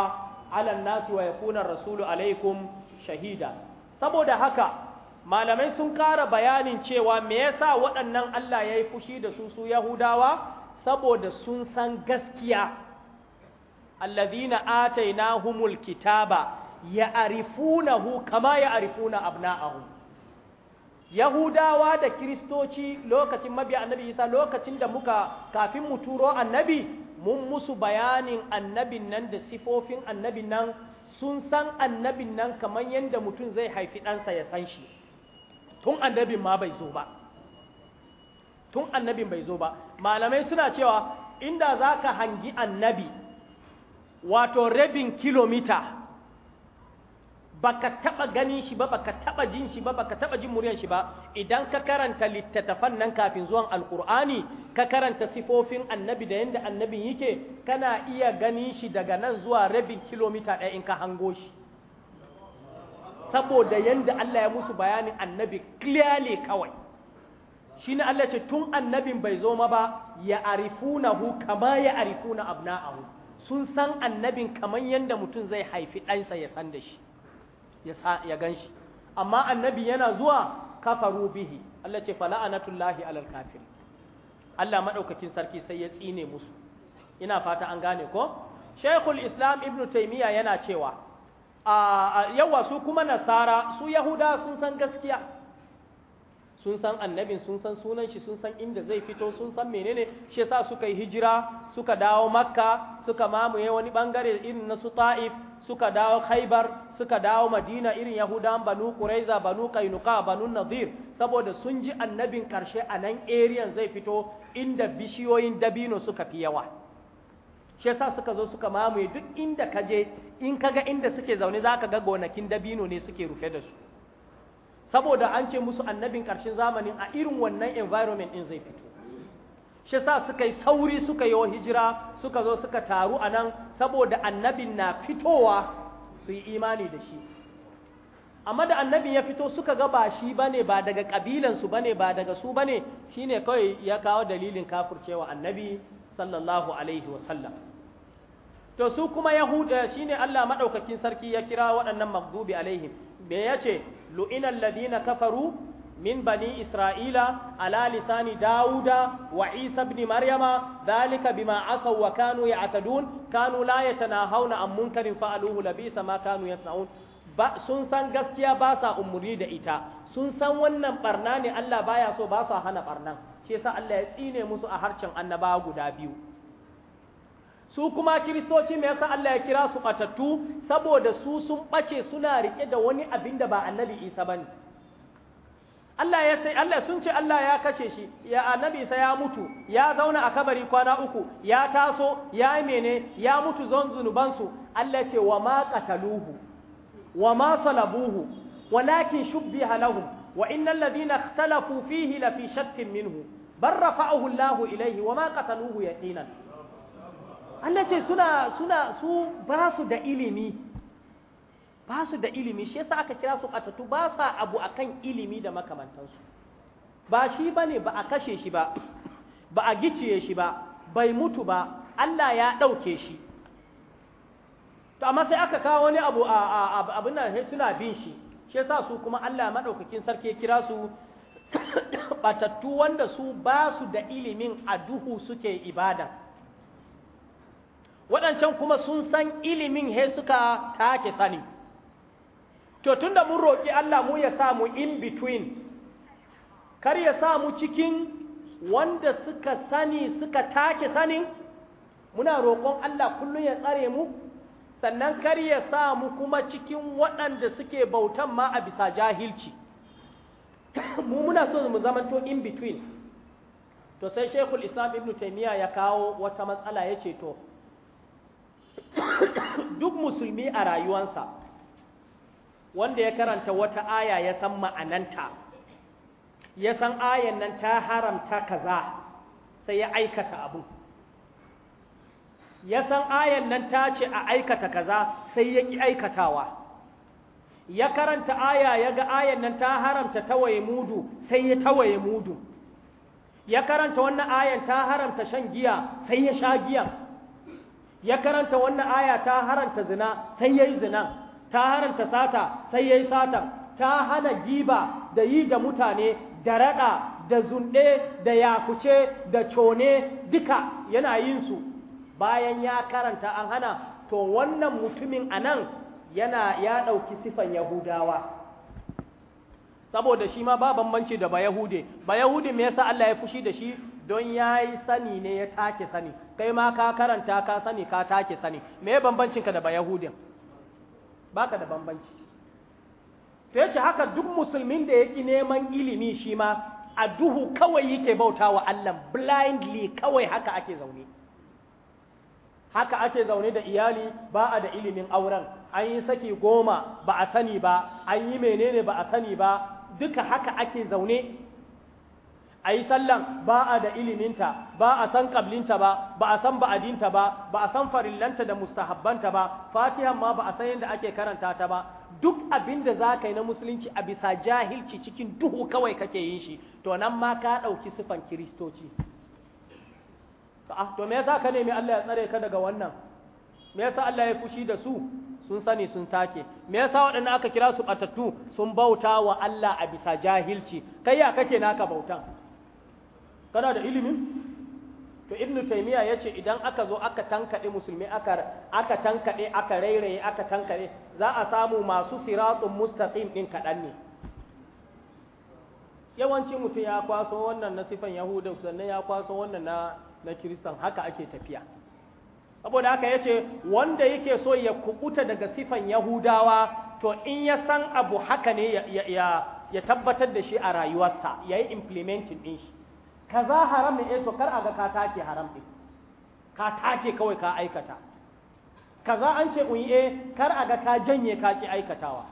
'ala an-nasi wa yakuna rasulu alaikum shahida saboda haka malamai sun ƙara bayanin cewa me yasa waɗannan Allah ya yi fushi da su su Yahudawa saboda sun san gaskiya allazina atainahumul kitaba ya'rifunahu kama ya'rifuna abna'ahum Yahudawa da Kiristoci lokacin mabiya annabi Isa lokacin da muka kafin mu turo annabi mun musu bayanin annabin nan da sifofin annabin nan sun san annabin nan kamar yadda mutum zai haifi ɗansa ya san shi tun annabin ma bai zo ba tun annabin bai zo ba malamai suna cewa inda za ka hangi annabi wato rabin kilomita baka taba ganin shi ba baka taba jin shi ba baka taba jin muryar shi ba idan ka karanta littattafan nan kafin zuwan alkur'ani ka karanta sifofin annabi da yanda annabin yake kana iya ganin shi daga nan zuwa rabin kilomita ɗaya in ka hango shi saboda yanda Allah ya musu bayanin annabi clearly kawai shi ne Allah ce tun annabin bai zo ma ba ya arifunahu kama ya arifuna abna'ahu sun san annabin kaman yanda mutum zai haifi ɗansa ya san da shi ya gan shi amma annabi yana zuwa kafaru bihi Allah ce fala'anatullahi alal kafir Allah maɗaukacin sarki sai ya tsine musu ina fata an gane ko Shekul Islam Ibn taimiyya yana cewa yawa su kuma nasara su yahuda sun san gaskiya sun san annabin sun san sunan shi sun san inda zai fito sun san menene shi yasa suka yi hijira suka dawo makka suka mamaye wani bangare irin na su ta'if suka dawo khaibar suka dawo madina irin yahudan banu quraiza banu kainuka banu nadir saboda sun ji annabin karshe a nan area zai fito inda bishiyoyin dabino suka fi yawa shi yasa suka zo suka mamaye duk inda ka je in ka ga inda suke zaune za ka ga gonakin dabino ne suke rufe da su saboda an ce musu annabin ƙarshen zamanin a irin wannan environment ɗin zai fito shi yasa suka yi sauri suka yi hijira suka zo suka taru a nan saboda annabin na fitowa su yi imani da shi amma da annabin ya fito suka ga ba shi bane ba daga kabilansu bane ba daga su bane shine kawai ya kawo dalilin kafircewa annabi sallallahu alaihi wasallam to su kuma yahuda shine Allah madaukakin sarki ya kira waɗannan maghdubi alaihim me yace lu'ina Ladina kafaru min bani isra'ila ala lisani dauda wa isa ibn maryama dalika bima asaw wa kanu ya'tadun kanu la yatanahawna an munkarin fa'aluhu labisa ma kanu yasnaun ba sun san gaskiya ba sa umuri da ita sun san wannan barna ne Allah baya so ba sa hana barnan shi yasa Allah ya tsine musu a harshen annabawa guda biyu su kuma kiristoci me yasa Allah ya kira su batattu saboda su sun ɓace suna rike da wani abin da ba annabi Isa bane Allah ya sai Allah sun ce Allah ya kashe shi ya annabi Isa ya mutu ya zauna a kabari kwana uku ya taso ya mene ya mutu zon zunubansu. su Allah ce wa ma qataluhu wa ma salabuhu walakin shubbiha lahum wa innal ladina ikhtalafu fihi la fi shakkin minhu bal rafa'ahu Allah ilayhi wa ma qataluhu yaqinan Allah ce suna suna su ba su da ilimi ba su da ilimi shi yasa aka kira su katatu ba sa abu akan ilimi da makamantansu ba shi bane ba a kashe shi ba ba a giciye shi ba bai mutu ba Allah ya ɗauke shi to amma sai aka kawo wani abu a abin nan suna bin shi shi yasa su kuma Allah madaukakin sarki ya kira su batattu wanda su ba su da ilimin a duhu suke ibada waɗancan kuma sun san ilimin he suka take sani to tunda mun roƙi Allah mu ya sa mu in between kar ya sa mu cikin wanda suka sani suka take sani. muna roƙon Allah kullum ya tsare mu sannan kar ya sa mu kuma cikin waɗanda suke bautan ma a bisa jahilci mu muna so mu zamanto in between to sai shekul islam ibn taimiyya ya kawo wata matsala ya ce to duk musulmi a rayuwansa wanda ya karanta wata aya ya san ma'ananta ya san ayan nan ta haramta kaza sai ya aikata abu ya san ayan nan ta ce a aikata kaza sai ya ki aikatawa ya karanta aya ya ga ayan nan ta haramta tawaye mudu sai ya tawaye mudu ya karanta wannan ayan ta haramta shan giya sai ya sha giyan ya karanta wannan aya ta haranta zina sai yayi zina ta haranta sata sai yayi sata ta hana giba da yi da mutane da raɗa, da zunɗe, da yakuce da cone duka yana yin su bayan ya karanta an hana to wannan mutumin anan yana ya ɗauki sifan yahudawa saboda shi ma ba bambanci da bayahude bayahude me yasa Allah ya fushi da shi don yayi sani ne ya take sani kai ma ka karanta ka sani ka take sani me bambancin ka da Ba baka da bambanci to yace haka duk musulmin da yake neman ilimi shi ma a duhu kawai yake wa Allah blindly kawai haka ake zaune haka ake zaune da iyali ba a da ilimin auren an yi saki goma ba a sani ba an yi menene ba a sani ba duka haka ake zaune a yi sallan ba a da iliminta ba a san kablinta ba ba a san ba'adinta ba ba a san farillanta da mustahabbanta ba fatihan ma ba a san yadda ake karanta ta ba duk abin da za ka yi na musulunci a bisa jahilci cikin duhu kawai kake yin shi to nan ma ka ɗauki sifan kiristoci to ah, me yasa ka nemi Allah ya tsare ka daga wannan me yasa Allah ya fushi da su sun sani sun take me yasa waɗanda aka kira su batattu sun bauta wa Allah a bisa jahilci kai ya kake naka bautan kana da ilimin to ibn taymiya yace idan aka zo aka tankade musulmi aka aka tankade aka rairaye aka tankade za a samu masu siratun mustaqim din kadan ne yawanci mutum ya kwaso wannan na sifan Yahudan, sannan ya kwaso wannan na na kristan haka ake tafiya saboda haka yace wanda yake so ya kubuta daga sifan yahudawa to in ya san abu haka ne ya, tabbatar da shi a rayuwarsa ya yi implementing ɗin shi za haram ne eh to kar a ga ka take haram ɗin ka take kawai ka aikata Ka za an ce unye eh, kar a ga ka janye ka ki aikatawa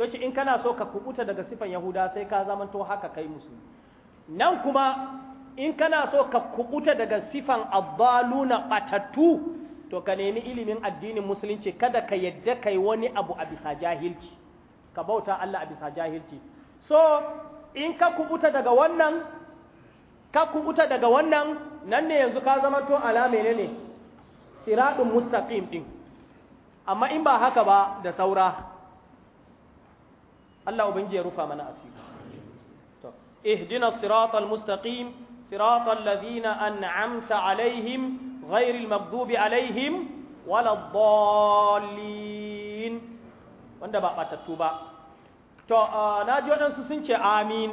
to in kana so ka kubuta daga sifan yahuda sai ka zamanto haka kai musu. nan kuma in kana so ka kubuta daga sifan abbaluna batattu to ka nemi ilimin addinin musulunci kada ka yadda kai wani abu a bisa jahilci ka bauta Allah a bisa jahilci so in ka kubuta daga wannan ka kubuta daga wannan nan ne yanzu ka zama to alame ne ne siradun mustaqim din amma in ba haka ba da saura Allah ubangiji ya rufa mana asiri to ihdina siratal mustaqim صراط الذين أنعمت عليهم غير المغضوب عليهم ولا الضالين wanda ba ɓatattu ba to na ji waɗansu sun ce amin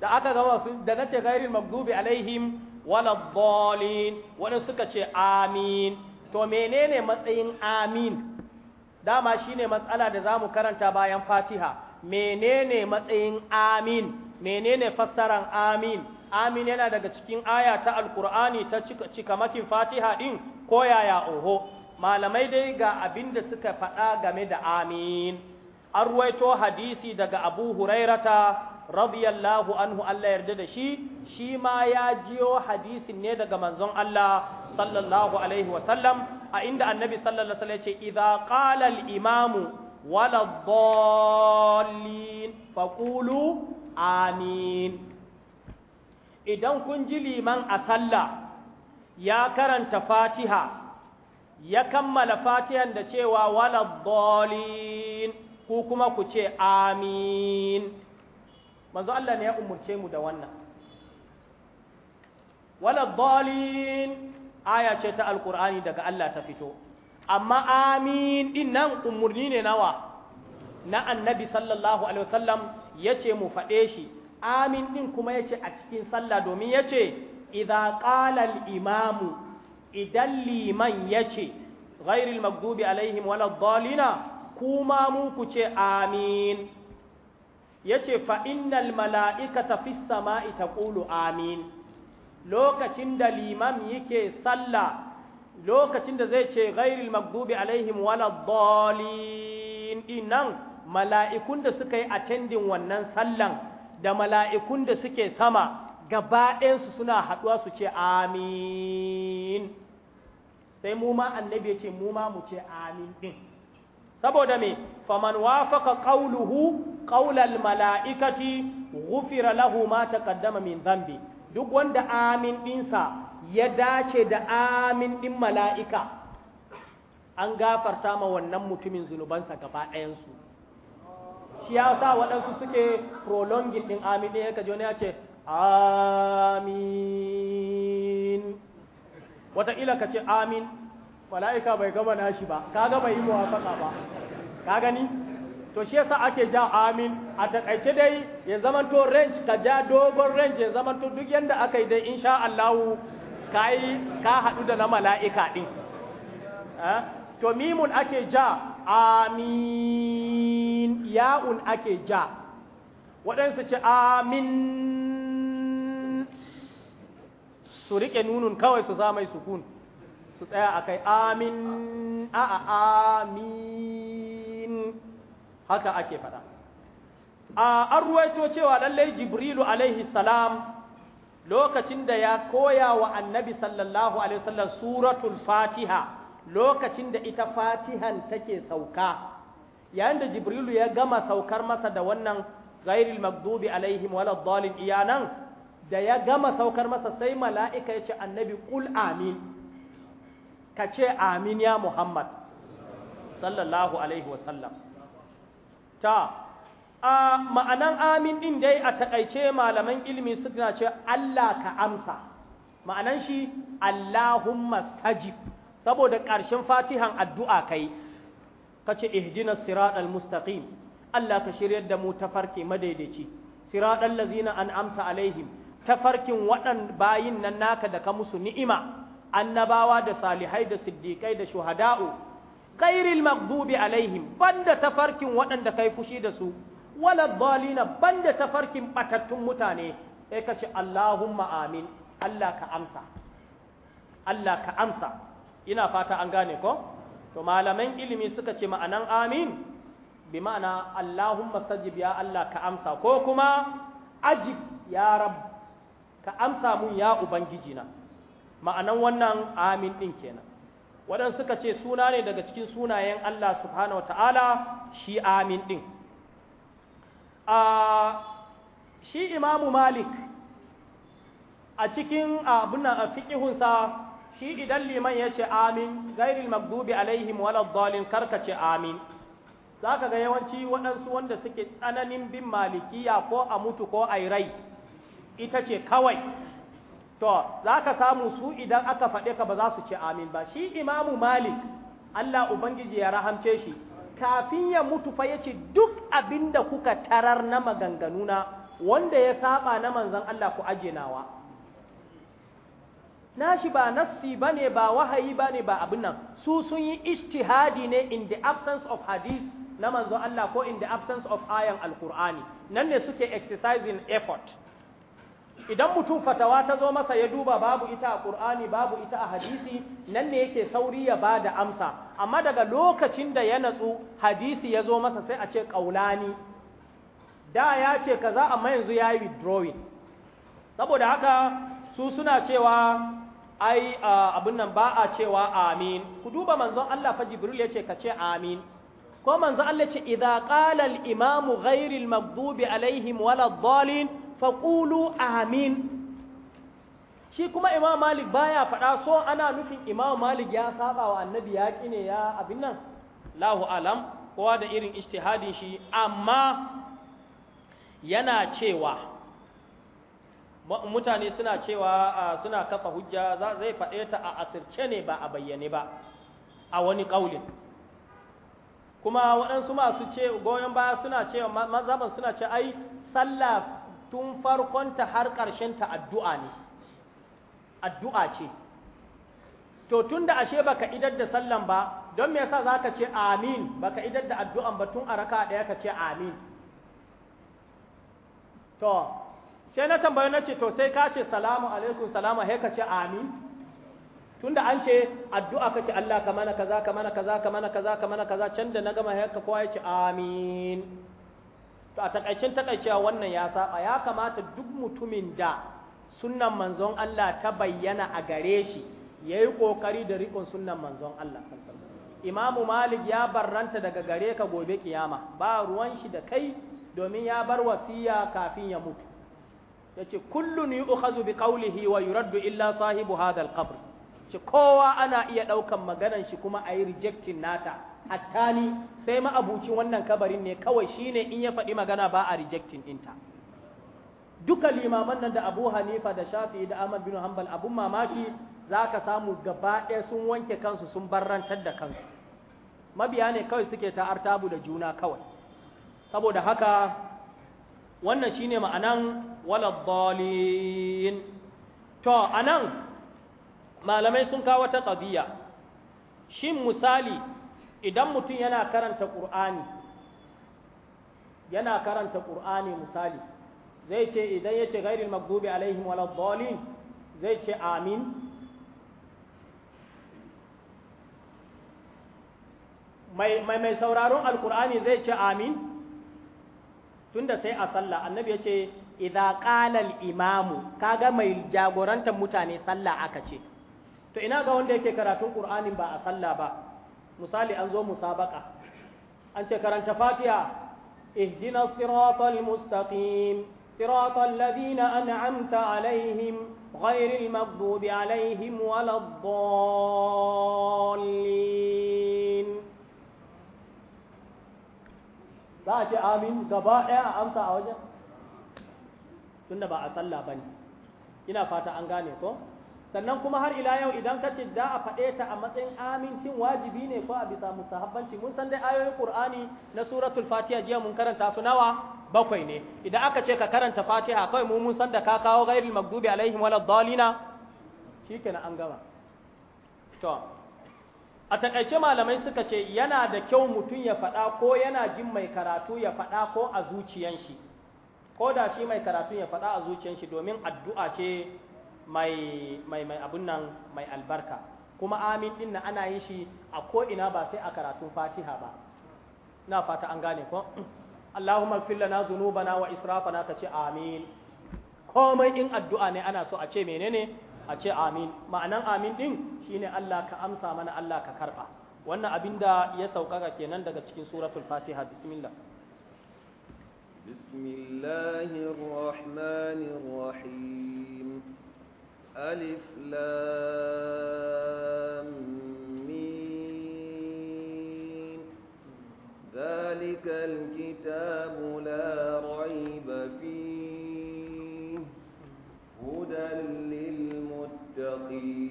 da aka gama su da nace gairin magdubi alaihim wala dhalin Wani suka ce amin to menene matsayin amin dama shine matsala da zamu karanta bayan fatiha menene matsayin amin menene fassaran amin amin yana daga cikin aya ta alkur'ani ta cikamakin fatiha din ko yaya oho malamai dai ga abin da suka faɗa game da amin an ruwaito hadisi daga abu hurairata radiyallahu anhu Allah yarda da shi shi ma ya jiyo hadisin ne daga manzon Allah sallallahu alaihi wasallam a inda annabi sallallahu alaihi wasallam ya ce idza qala al-imamu wala dhallin faqulu amin idan kun ji liman a sallah ya karanta fatiha ya kammala fatihan da cewa waladdolin ku kuma ku ce amin manzo Allah ne ya umurce mu da wannan waladdolin aya ce ta alkur'ani daga Allah ta fito amma amin din nan umurni ne nawa na annabi sallallahu alaihi wasallam yace mu faɗe shi amin ɗin kuma yace a cikin sallah domin yace idza qala al imamu idan liman yace ghairil maghdubi alaihim kuma mu ku ce amin yace fa'innal innal mala'ikata fis sama'i ƙulu amin lokacin da limam yake sallah lokacin da zai ce ghairil maghdubi alaihim waladdallin dinnan mala'ikun da suka yi attending wannan sallan da mala'ikun da suke sama gaba ɗayansu suna haɗuwa su ce amin sai mu ma annabi ya ce mu ma mu ce amin ɗin saboda me faman wafaka ƙauluhu ƙaular mala'ikati gufira lahu ma ƙaddama min zambi duk wanda amin ɗinsa ya dace da amin ɗin mala'ika an gafarta ma wannan mutumin zunubansa gaba ɗayansu shi ya sa waɗansu suke prolonging ɗin amin ɗin yaka jona ya ce amin wataƙila ka ce amin mala'ika bai gama nashi ba kaga bai yi faɗa ba ka gani to shi yasa ake ja amin a taƙaice dai ya zamanto range ka ja dogon range ya zamanto duk yadda aka yi dai insha Allah yi ka haɗu da na mala'ika ɗin eh? to mimun ake ja amin ya'un ake ja waɗansu ce amin su riƙe nunun kawai su zamai sukun su tsaya a kai amin a'a amin haka ake faɗa an ruwaito cewa lallai jibrilu alaihi salam lokacin da ya koya wa annabi sallallahu alaihi wasallam suratul fatiha lokacin da ita fatihan take sauka yayin da jibrilu ya gama saukar masa da wannan ghairil maghdubi alaihim waladdallin iyanan da ya gama saukar masa sai mala'ika ya ce annabi qul amin ka ce amin ya muhammad sallallahu alaihi sallam. ta a ma'anan amin din dai a takaice malaman ilimi suna ce Allah ka amsa ma'anan shi Allahumma stajib saboda ƙarshen fatihan addu'a kai kace ihdinas siraɗar mustaqim Allah ka shiryar da mu tafarki madaidaici siratal an an'amta alaihim tafarkin waɗan bayin nan naka da ka musu ni'ima annabawa da salihai da siddiqai da shuhada'u ghairil maghdubi alaihim banda tafarkin waɗanda kai fushi da su wala balina, banda tafarkin ɓatattun mutane sai kace Allahumma amin Allah ka amsa Allah ka amsa ina fata an gane ko to malaman ilimi suka ce ma'anan amin bi ma'ana Allahumma stajib ya Allah ka amsa ko kuma ajib ya rab ka amsa mun ya ubangiji na ma'anan wannan amin din kenan waɗansu suka ce suna ne daga cikin sunayen Allah subhanahu ta'ala shi amin din a shi imamu malik a cikin abin a fiƙihunsa shi idan liman ya ce amin gairil magdubi alaihim wala dhalin karka ce amin zaka ga yawanci waɗansu wanda suke tsananin bin malikiya ko a mutu ko a rai ita ce kawai to zaka samu su idan aka faɗe ka ba za su ce amin ba shi imamu malik Allah ubangiji ya rahamce shi kafin ya mutu fa yace duk abinda kuka tarar na maganganuna wanda ya saba na manzon Allah ku aje nawa nashi ba nassi bane ba wahayi bane ba abin nan su sun yi ijtihadi ne in the absence of hadith na manzo Allah ko in the absence of ayan alqur'ani nan ne suke exercising effort idan mutum fatawa ta zo masa ya duba babu ita a Qur'ani babu ita a hadisi nan ne yake sauri ya ba da amsa amma daga lokacin da ya natsu hadisi ya zo masa sai a ce kaulani da ya ce kaza amma yanzu ya yi withdrawing saboda haka su suna cewa ai abin nan ba a cewa amin ku duba manzon Allah fa Jibril yace ka ce amin ko manzon Allah ce idza qala al imam ghayr al maghdubi alaihim wala dhalin faqulu amin shi kuma imam malik baya faɗa so ana nufin imam malik ya saba wa annabi ya kine ya abin nan lahu alam kowa da irin ijtihadin shi amma yana cewa mutane suna cewa suna kafa hujja zai faɗe ta a asirce ne ba a bayyane ba a wani ƙaulin kuma waɗansu masu ce goyon baya suna cewa mazaban suna ce ai sallah tun farkonta har ta addu'a ne addu'a ce to tun da ashe baka idar da sallan ba don me yasa ka ce amin baka idar da addu'an ba tun a raka ɗaya ka ce amin to sai na tambayi na ce to sai ka ce salamu alaikum salama sai ka ce amin tunda an ce addu'a kake Allah ka mana kaza ka mana kaza ka mana kaza ka mana kaza can da na gama sai ka kowa ya ce amin to a takaicin takaicewa wannan ya saba ya kamata duk mutumin da sunnan manzon Allah ta bayyana a gare shi yayi kokari da rikon sunnan manzon Allah Imamu Malik ya barranta daga gare ka gobe kiyama ba ruwan shi da kai domin ya bar wasiya kafin ya mutu yace kullun ukhazu bi qawlihi wa yuraddu illa sahibu hadha al-qabr ce kowa ana iya daukan maganan shi kuma ayi rejecting nata hatta sai ma abucin wannan kabarin ne kawai shine in ya faɗi magana ba a rejecting inta duka limaman nan da Abu Hanifa da Shafi'i da Ahmad bin Hanbal abun mamaki zaka samu gaba ɗaya sun wanke kansu sun barrantar da kansu mabiya ne kawai suke ta artabu da juna kawai saboda haka wannan shine ma'anan wala dhalin to anan malamai sun kawo ta qadiya shin misali idan mutum yana karanta qur'ani yana karanta qur'ani misali zai ce idan yace ghairil maghdubi alaihim wala dhalin zai ce amin mai mai sauraron alqur'ani zai ce amin tunda sai a sallah annabi ya ce idza qala al-imamu kaga mai jagorantar mutane sallah aka ce to ina ga wanda yake karatun qur'anin ba a sallah ba misali an zo musabaka an ce karanta fatiha ihdina siratal mustaqim siratal ladina an'amta alaihim ghairil maghdubi alaihim waladdallin za a ce amin gaba daya a amsa a wajen tunda ba a sallah bane ina fata an gane ko sannan kuma har ila yau idan ka ce da a faɗe ta a matsayin amincin wajibi ne ko a bisa mus'ahabbanci? mun san dai ayoyin Qur'ani na suratul Fatiha jiya mun karanta su nawa bakwai ne idan aka ce ka karanta Fatiha kai mu mun san da ka kawo ghairil maghdubi alaihim waladdallina shikenan an gama to a takaice malamai suka ce yana da kyau mutum ya faɗa ko yana jin mai karatu ya faɗa ko a zuciyan shi ko da shi mai karatun ya faɗa a zuciyar shi domin addu'a ce mai mai mai abun nan mai albarka kuma amin din nan ana yin shi a ko ina ba sai a karatun Fatiha ba ina fata an gane ko Allahumma fil lana dhunubana wa israfana ce amin komai in addu'a ne ana so a ce menene a ce amin ma'anan amin din shine Allah ka amsa mana Allah ka karba wannan abinda ya sauƙaƙa kenan daga cikin suratul Fatiha bismillah بسم الله الرحمن الرحيم ألف لام ميم ذلك الكتاب لا ريب فيه هدى للمتقين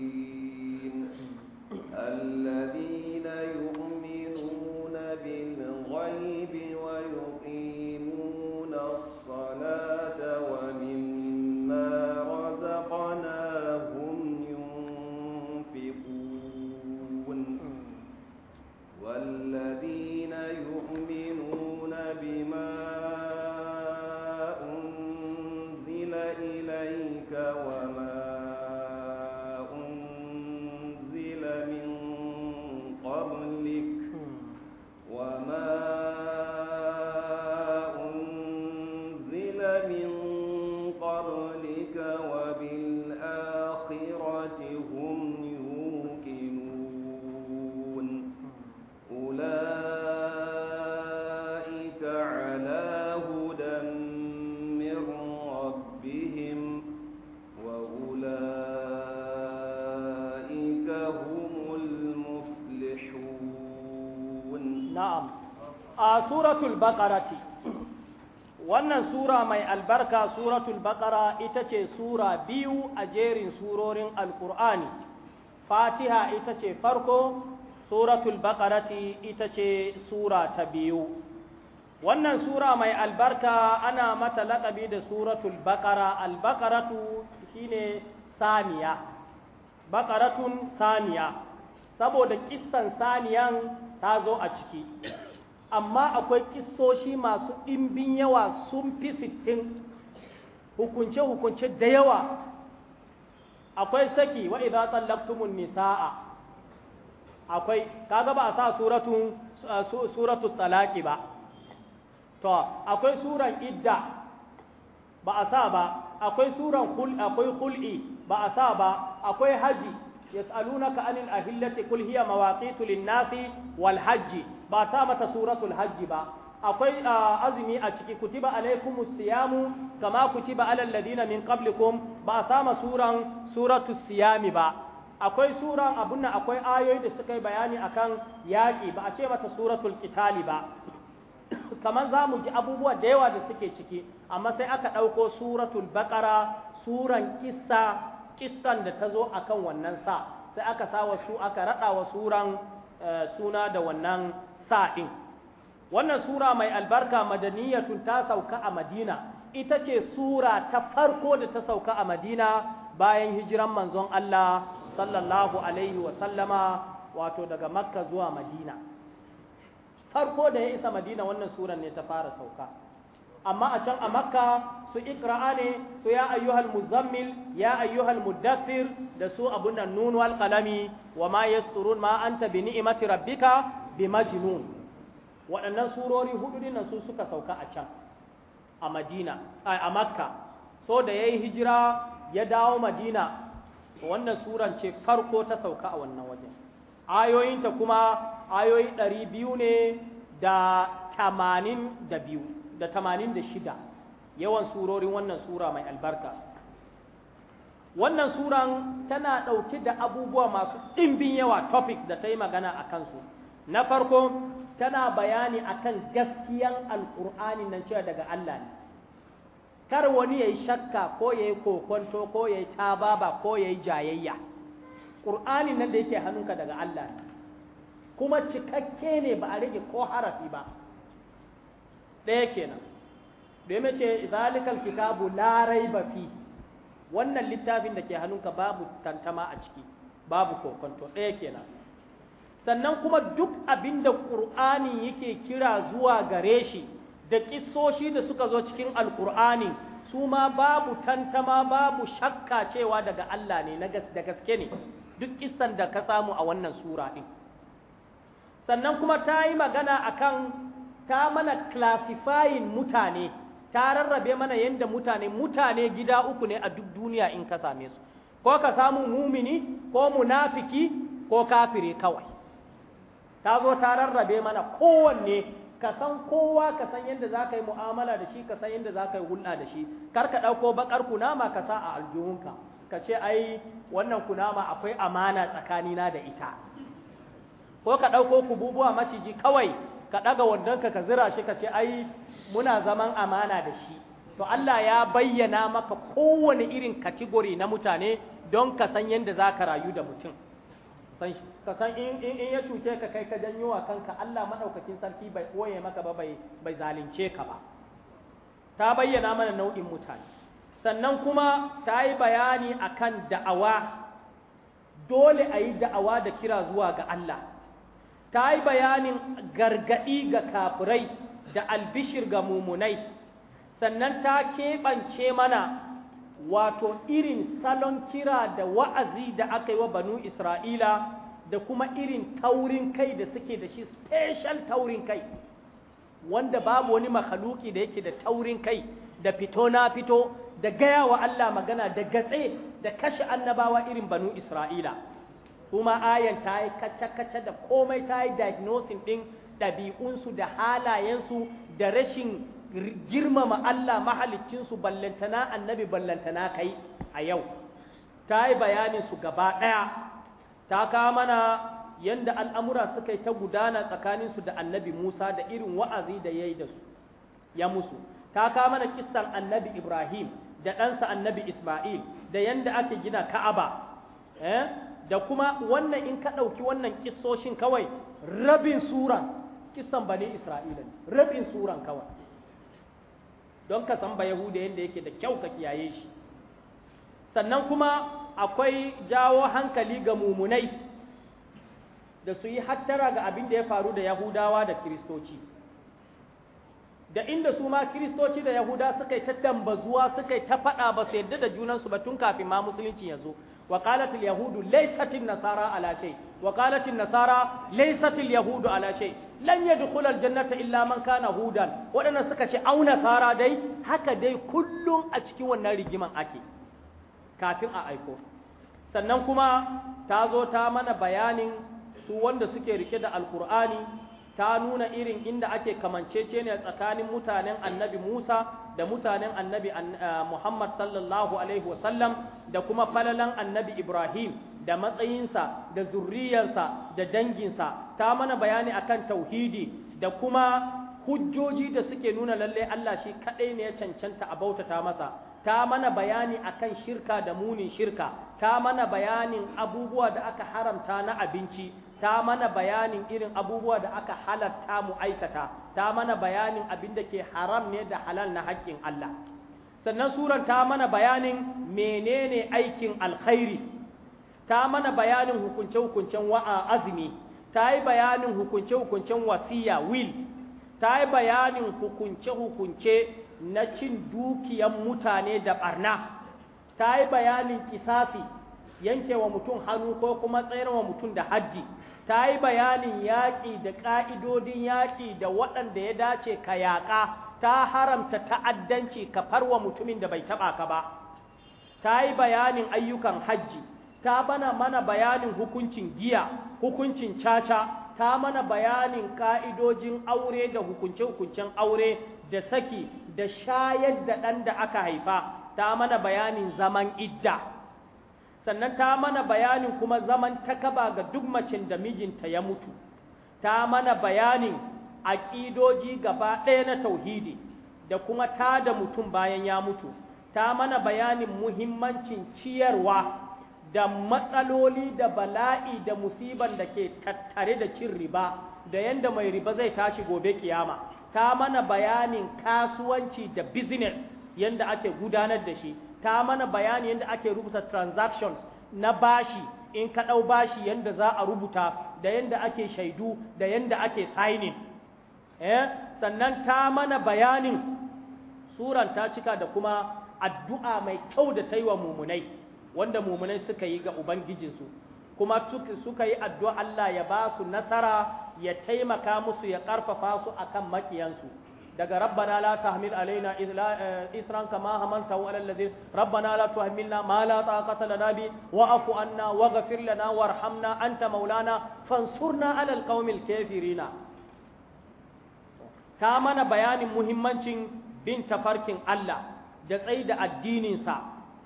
suratul ce wannan sura mai albarka suratul baqara ita ce sura biyu a jerin surorin alkur'ani fatiha ita ce farko suratul baqarati ita ce sura ta biyu wannan sura mai albarka ana mata laƙabi da suratul baqara albaqaratu shine saniya baqaratun saniya saboda kissan saniyan ta zo a ciki amma akwai kisoshi masu ɗimbin yawa sun fi sittin hukunce-hukunce da yawa akwai saki wa idza tsallaktumun nisa'a akwai kaga ba a sa suratun suratul ba to akwai suran idda ba a sa ba akwai suran kul kul'i ba a sa ba akwai haji yas'alunaka anil ahillati kul hiya mawaqitu lin-nasi wal hajji ba ta mata suratul hajji ba akwai azumi a ciki kutiba alaikumus siyamu kama kutiba alal ladina min qablikum ba a ma suran suratul siyami ba akwai suran abun nan akwai ayoyi da suka yi bayani akan yaƙi ba a ce mata suratul qitali ba kamar za mu ji abubuwa da yawa da suke ciki amma sai aka ɗauko suratul baƙara suran kissa kissan da ta zo akan wannan sa sai aka sa wasu aka raɗa wa suran eh, suna da wannan sain wannan sura mai albarka madaniyatun ta sauka a madina ita ce sura ta farko da ta sauka a madina bayan hijiran manzon Allah sallallahu alaihi wa sallama wato daga makka zuwa madina farko da ya isa madina wannan suran ne ta fara sauka amma a can a makka su ikra'a ne su ya ayyuhal muzammil ya ayyuhal muddathir da su abun nan nun wal qalami wa ma yasturun ma anta bi ni'imati rabbika bi waɗannan surori hudu nan su suka sauka a can a Madina a Makka so da yayi hijira ya dawo Madina wannan suran ce farko ta sauka a wannan wajen ayoyinta kuma ayoyi ɗari biyu ne da tamanin da biyu da tamanin da shida yawan surorin wannan sura mai albarka wannan suran tana ɗauke da abubuwa masu ɗimbin yawa topics da ta yi magana a kansu na farko tana bayani akan gaskiyan alkur'ani nan cewa daga Allah ne kar wani yayi shakka ko yayi kokonto ko yayi tababa ko yayi jayayya qur'ani nan da yake hannunka daga Allah ne kuma cikakke ne ba a rage ko harafi ba ɗaya kenan domin ce zalikal kitabu la raiba fi wannan littafin da ke hannunka babu tantama a ciki babu kokonto ɗaya kenan sannan kuma duk abin da ƙur'ani yake kira zuwa gare shi da ƙisoshi da suka zo cikin alƙur'ani su ma babu tantama babu shakka cewa daga Allah ne da gaske ne duk ƙisan da ka samu a wannan sura ɗin sannan kuma ta yi magana a kan ta mana classifying mutane ta rarrabe mana yadda mutane mutane gida uku ne a duk duniya in ka same su ko ka samu mumini ko munafiki ko kafire kawai ta zo ta rarrabe mana kowanne ka san kowa ka san yadda za ka yi mu'amala da shi ka san yadda za ka yi hulɗa da shi kar ka ɗauko baƙar kunama ka sa a aljihunka ka ce ai wannan kunama akwai amana tsakanina da ita ko ka ɗauko kububuwa maciji kawai ka ɗaga wandonka ka zira shi ka ce ai muna zaman amana da shi to Allah ya bayyana maka kowane irin kategori na mutane don ka san yadda za ka rayu da mutum san shi ka san in in ya cuce ka kai ka janyo wa kanka Allah madaukakin sarki bai koye maka ba bai bai zalunce ka ba ta bayyana mana nau'in mutane sannan kuma ta yi bayani akan da'awa dole a yi da'awa da kira zuwa ga Allah ta yi bayanin gargaɗi ga kafirai da albishir ga mumunai sannan ta keɓance mana wato irin salon kira da wa'azi da aka yi wa banu Isra'ila da kuma irin taurin kai da suke da shi special taurin kai wanda babu wani makhaluki da yake da taurin kai da fito na fito da gaya wa Allah magana da gatse da kashe annabawa irin banu Isra'ila kuma ayan ta yi kacce-kacce da komai ta yi diagnosing ɗin ɗabi'unsu da halayensu da rashin girmama Allah mahaliccinsu ballantana annabi ballantana kai a yau ta yi bayanin su gaba ɗaya ta kawo yadda al'amura suka yi ta gudana tsakaninsu da annabi Musa da irin wa'azi da ya yi da su ya musu ta kawo mana kisan annabi Ibrahim da ɗansa annabi Ismail da yadda ake gina Ka'aba eh? da kuma wannan in ka ɗauki wannan kisoshin kawai rabin suran kisan bani Isra'ila rabin suran kawai don ka san ba yahuda yadda yake da kyau ka kiyaye shi sannan kuma akwai jawo hankali ga mumunai da su yi hattara ga abin da ya faru da yahudawa da kiristoci da inda su ma kiristoci da yahuda suka yi ta tambazuwa suka yi ta faɗa ba su yadda da junansu ba tun kafin ma musulunci ya zo wa yahudu laysat nasara ala shay wa nasara laysat yahudu ala shay lan yadkhul al jannata illa man kana hudan waɗanda suka ci auna sara dai haka dai kullum a cikin wannan rigiman ake kafin a aiko sannan kuma ta zo ta mana bayanin su wanda suke rike da Alkur'ani. ta nuna irin inda ake kamancece ne tsakanin mutanen annabi Musa da mutanen annabi eh, Muhammad sallallahu Alaihi wasallam da kuma falalan annabi Ibrahim da matsayinsa da zurriyarsa da danginsa ta mana bayani akan tauhidi da kuma hujjoji da suke nuna lalle Allah shi kaɗai ne ya cancanta a bautata masa ta mana bayani akan shirka da munin shirka ta mana bayanin abubuwa da aka haramta na abinci ta mana bayanin irin abubuwa da aka halatta mu aikata ta mana bayanin abin da ke haram ne da halal na haƙƙin Allah sannan suran ta mana bayanin menene aikin alkhairi ta mana bayanin hukunce-hukuncen wa'a azumi ta yi bayanin hukunce-hukuncen wasiya will ta yi bayanin hukunce-hukunce na cin dukiyan mutane da barna ta yi bayanin kisafi yankewa mutum hannu ko kuma tsayarwa mutum da haddi ta yi bayanin yaƙi da ƙa'idodin yaƙi da waɗanda ya dace ka yaƙa ta haramta ta'addanci ka farwa mutumin da bai taɓa ka ba ta yi bayanin ayyukan hajji ta bana mana bayanin hukuncin giya hukuncin caca ta mana bayanin ƙa'idojin aure da hukunce-hukuncen aure da saki da shayar da ɗan da aka haifa ta mana bayanin zaman idda sannan ta mana bayanin kuma zaman takaba ga duk macin da mijinta ya mutu ta mana bayanin aƙidoji gaba ɗaya na tauhidi da kuma ta da mutum bayan ya mutu ta mana bayanin muhimmancin ciyarwa da matsaloli da bala'i da musiban da ke tattare da cin riba da yanda mai riba zai tashi gobe kiyama ta mana bayanin kasuwanci da business yanda ake gudanar da shi ta mana bayani yadda ake rubuta transactions na bashi in ka ɗau bashi yadda za a rubuta da yadda ake shaidu da yadda ake signing eh sannan ta mana bayanin suran ta cika da kuma addu'a mai kyau da ta yi wa mumunai wanda mumunai suka yi ga ubangijinsu kuma suka yi addu'a Allah ya ba su nasara ya taimaka musu ya ƙarfafa su a kan makiyansu daga rabbana la tahmil alaina eh, isran kama hamanta wa alal ladhi rabbana la tuhmilna ma la taqata lana bi wa'fu anna waghfir lana warhamna anta maulana fansurna alal qaumil kafirina ta mana bayanin muhimmancin bin tafarkin Allah da tsayi da addininsa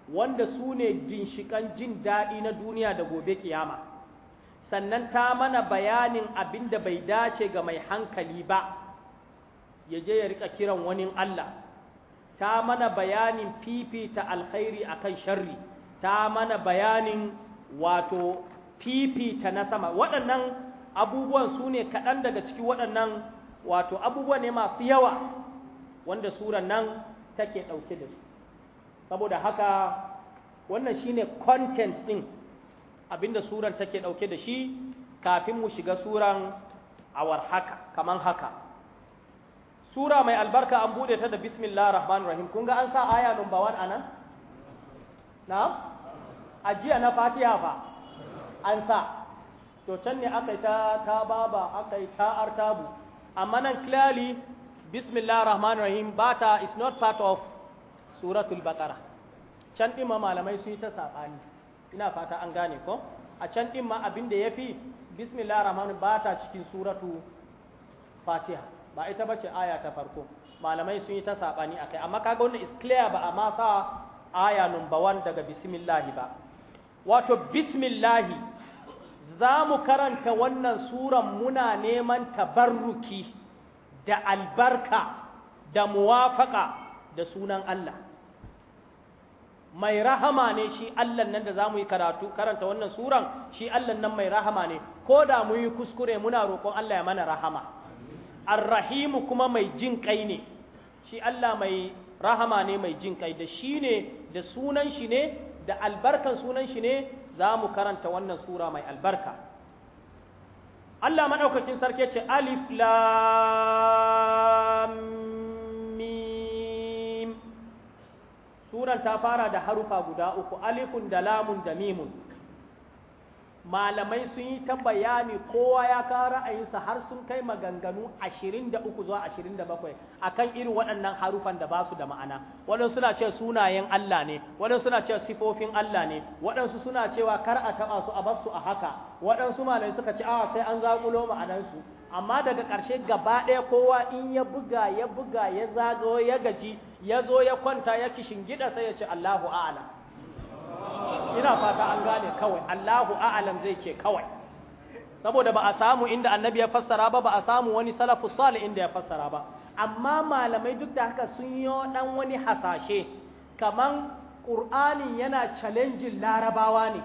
wanda su ne ginshikan jin daɗi na duniya da gobe kiyama sannan ta mana bayanin abinda bai dace ga mai hankali ba ya je ya rika kiran wani Allah ta mana bayanin fifita alkhairi akan sharri ta mana bayanin wato fifita na sama waɗannan abubuwan su ne kaɗan daga ciki waɗannan wato abubuwa ne masu yawa wanda suran nan take ɗauke da su saboda haka wannan shine content ɗin abinda suran take ɗauke da shi kafin mu shiga suran awar haka kaman haka sura mai albarka an bude ta da bismillah rahman rahim kun ga an sa aya number one a nan? na? ajiya na fatiha ba. an sa to can ne aka yi ta ta baba aka yi ta artabu amma nan clearly bismillah rahman rahim ba ta is not part of suratul baqara can ɗin ma malamai su yi ta saɓani ina fata an gane ko a can ɗin ma abin da ya fi bismillah rahman ba ta cikin suratu fatiha ba ita bace aya ta farko malamai sun yi ta sabani akai amma kaga wannan is clear ba amma sa aya number 1 daga bismillah ba wato bismillah za mu karanta wannan suran muna neman tabarruki da albarka da muwafaka da sunan Allah mai rahama ne shi Allah nan da za mu yi karatu karanta wannan suran shi Allah nan mai rahama ne ko da mu yi kuskure muna roƙon Allah ya mana rahama arrahimu kuma mai jin kai ne shi Allah mai rahama ne mai jin kai da shi ne da sunan shi ne da albarkan sunan shi ne za mu karanta wannan sura mai albarka Allah maɗaukacin sarki ce alif lam mim suran ta fara da harufa guda uku alifun da lamun da mimun malamai sun yi ta bayani kowa ya kawo ra'ayinsa har sun kai maganganu 23 zuwa 27 akan irin waɗannan harufan da ba su da ma'ana waɗansu suna ce sunayen Allah ne waɗansu suna ce sifofin Allah ne waɗansu suna cewa kar a taɓa su a bar su a haka waɗansu malamai suka ce awa sai an zaƙulo ma'anansu amma daga ƙarshe gaba ɗaya kowa in ya buga ya buga ya zago ya gaji ya zo ya kwanta ya kishin gida sai ya ce Allahu a'lam ina fata an gane kawai Allahu a'lam zai ce kawai saboda ba a samu inda annabi ya fassara ba ba a samu wani salafu salih inda ya fassara ba amma malamai duk da haka sun yi dan wani hasashe kaman Qur'ani yana challenging larabawa ne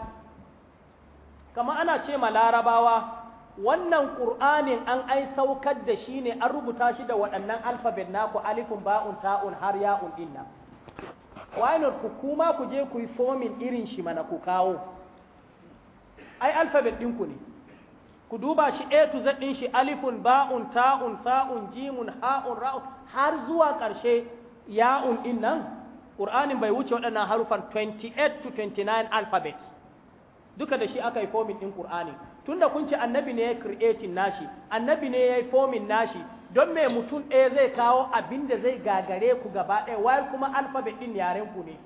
kaman ana ce ma larabawa wannan qur'anin an ai saukar da shi ne an rubuta shi da waɗannan alfabet naku alifun ba'un ta'un har ya'un dinnan why not ku kuma ku je ku yi fomin irin shi mana ku kawo ai alfabet ɗinku ne ku duba shi a to z din shi alifun ba'un ta'un sa'un jimun ha'un ra'un har zuwa karshe ya'un din nan qur'anin bai wuce waɗannan harufan 28 to 29 alphabets duka da shi aka yi fomin ɗin qur'ani tunda kun ce annabi ne ya creating nashi annabi ne ya yi fomin nashi don me mutum ɗaya zai kawo abin da zai gagare ku gaba ɗaya wayar kuma alfabet ɗin yaren ku ne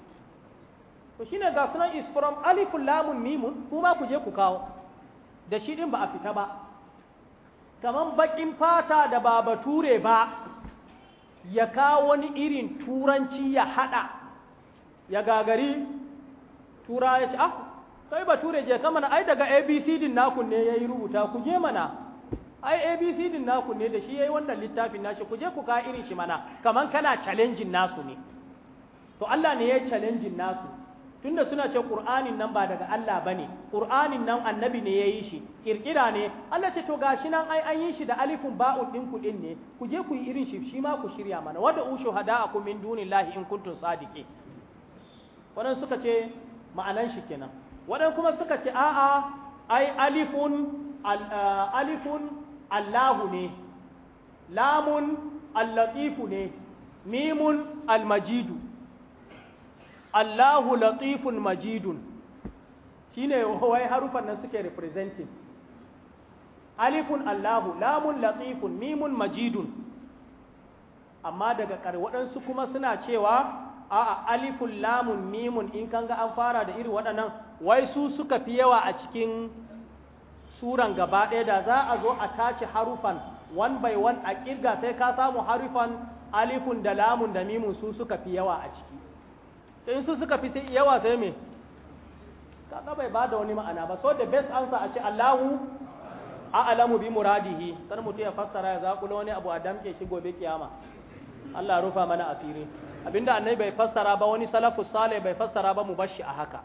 to shine ga sunan is from alifun lamun mimun kuma ku je ku kawo da shi ɗin ba a fita ba kamar baƙin fata da ba bature ba ya kawo wani irin turanci ya haɗa ya gagari tura ya ci ah kai bature je ka mana ai daga abc din naku ne ya yi rubuta ku je mana ai abc din naku ne da shi yayi wannan littafin nashi ku je ku ka irin shi mana kaman kana challenging nasu ne to Allah ne ya challenging nasu tunda suna ce qur'anin nan ba daga Allah bane qur'anin nan annabi ne yayi shi kirkira ne Allah ce to gashi nan ai an yi shi da alifun bau din ku din ne ku je ku yi irin shi shi ma ku shirya mana wada ushu hada'akum min dunillahi in kuntum sadiqin wannan suka ce ma'anan shi kenan waɗan kuma suka ce a'a ai alifun eh, alifun Allahu ne lamun allatifu ne mimun almajidu Allahu latifun majidun shine wai harufan nan suke representing alifun Allahu lamun latifun mimun majidun amma daga kar kuma suna cewa a'a alifun lamun mimun in kan ga an fara da iri waɗannan wai su suka fi yawa a cikin suran gaba ɗaya da za a zo a tace harufan wan bai wan a kirga sai ka samu harufan alifun da lamun da mimun su suka fi yawa a ciki in su suka fi yawa sai me kaga bai bada wani ma'ana ba so the best answer a ce Allahu a'lamu bi muradihi kar mutum ya fassara ya zakula wani abu a damke shi gobe kiyama Allah rufa mana asiri abinda annabi bai fassara ba wani salafus salih bai fassara ba mu a haka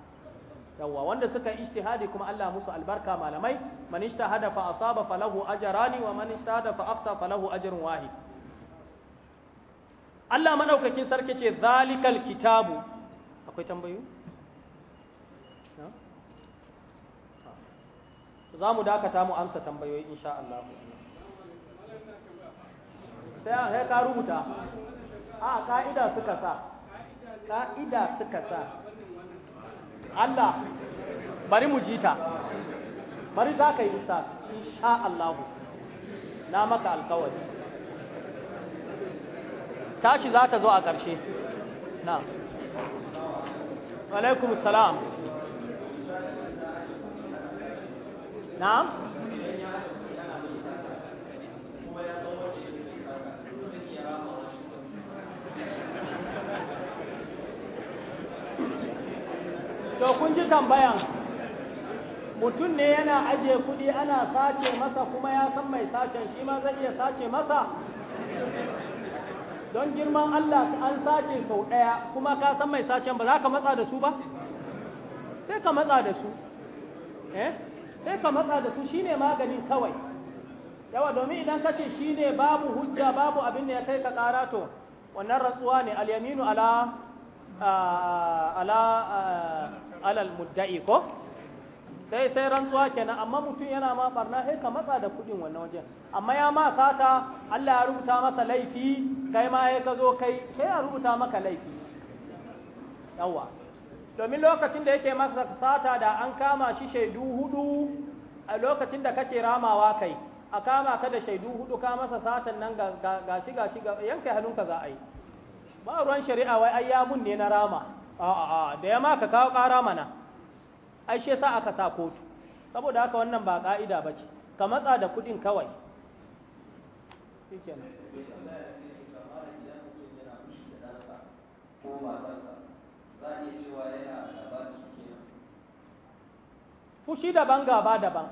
yawwa wanda suka ijtihadi kuma Allah musu albarka malamai man ijtahada fa asaba falahu ajrani wa man ijtahada fa afta falahu ajrun wahid Allah madaukakin sarki ce zalikal kitabu akwai tambayoyi za mu dakata mu amsa tambayoyi insha Allah sai ka rubuta a ka'ida suka sa ka'ida suka sa Allah bari mu jita bari za ka yi ustaz sha Allahu, na maka alkawari tashi za ta zo a ƙarshe na alaikum salam na'am to kun ji tambayan mutum ne yana ajiye kuɗi ana sace masa kuma ya san mai sacen shi ma zai iya sace masa don girman Allah an sace sau ɗaya kuma ka san mai sacen ba za ka matsa da su ba sai ka matsa da su eh sai ka matsa da su shine magani kawai yawa domin idan ka ce shine babu hujja babu abin da ya kai ka ƙara to wannan rantsuwa ne alyaminu ala ah, ala ah, alal mudda'i ko sai sai rantsuwa kenan amma mutum yana ma barna sai ka matsa da kudin wannan wajen amma ya ma sata Allah ya rubuta masa laifi kai ma ya zo kai sai ya rubuta maka laifi yawa domin lokacin da yake masa sata da an kama shi shaidu hudu a lokacin da kake ramawa kai a kama ka da shaidu hudu ka masa satan nan gashi gashi yanka hannunka za a yi ba ruwan shari'a wai ayyamun ne na rama a'a da yamma ka kawo ƙara mana ai sa aka sa kotu saboda haka wannan ba ka'ida bace ka matsa da kudin kawai shikenan fushi daban gaba daban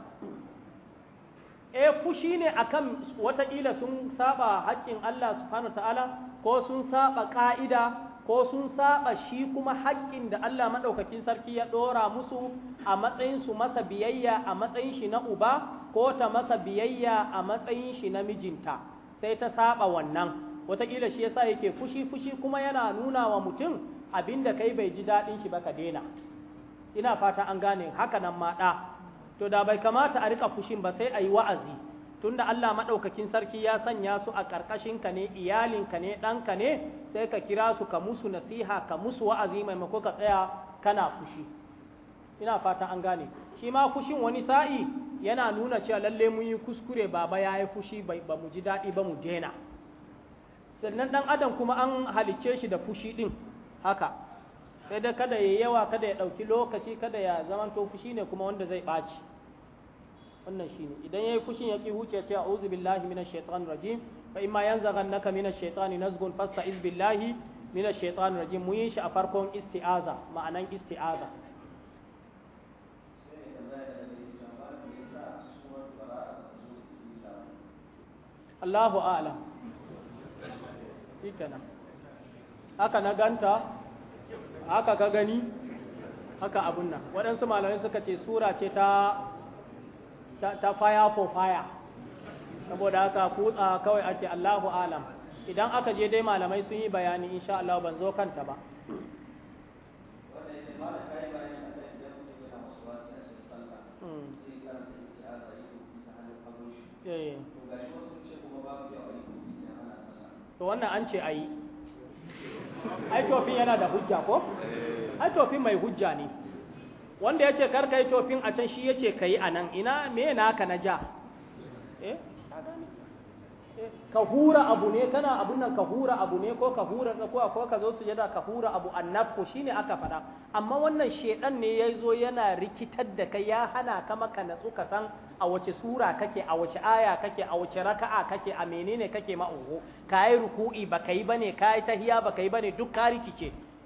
e fushi ne akan wataƙila sun saba haƙƙin Allah subhanahu ta'ala ko sun saba ƙa'ida ko sun saba shi kuma haƙƙin da Allah maɗaukakin sarki ya ɗora musu a matsayin su masa biyayya a matsayin shi na uba ko ta masa biyayya a matsayin shi na mijinta sai ta saba wannan wataƙila shi yasa yake fushi fushi kuma yana nuna wa mutum abinda kai bai ji daɗin shi ba ka daina ina fata an gane haka nan ma to da bai kamata a riƙa fushin ba sai a yi wa'azi tunda Allah maɗaukakin sarki ya sanya su a ƙarƙashinka ne iyalinka ne ɗanka ne sai ka kira su ka musu nasiha ka musu wa'azi maimako ka tsaya kana fushi ina fata an gane shi ma fushin wani sa'i yana nuna cewa lalle mun yi kuskure baba ya yi fushi ba mu ji daɗi ba mu daina sannan ɗan adam kuma an halicce shi da fushi ɗin haka sai dai kada ya yawa kada ya ɗauki lokaci kada ya zamanto fushi ne kuma wanda zai ɓaci wannan shi ne idan ya yi kushin ya ki huce ce a'udhu billahi minash shaitanir rajim fa imma yanzaghannaka minash shaitani nazghun fasta'iz billahi minash shaitanir rajim mu yi shi a farkon isti'aza ma'anan isti'aza Allahu a'lam shikenan haka na ganta haka ka gani haka abun nan waɗansu malamai suka ce sura ce ta ta faya ko faya saboda haka kutsa kawai ake Allahu alam idan aka je dai malamai sun yi bayani insha Allah ban zo kanta ba hmm. eh. to wannan an ce ayi ai tofin yana da hujja ko ai tofin mai hujja ne wanda ya ce karka yi tofin a can shi ya ce ka yi a nan ina me naka na ja eh, eh, ka hura abu ne kana abun nan ka hura abu ne ko ka hura tsakuwa ko ka zo su yada ka hura abu annafku shine aka faɗa amma wannan shedan ne ya zo yana rikitar da kai ya hana ka maka natsu tsuka san a wace sura kake a wace aya kake a wace raka'a kake a menene kake ma ka yi ruku'i ba ka yi bane ka yi tahiya ba ka yi ba ne duk ka rikice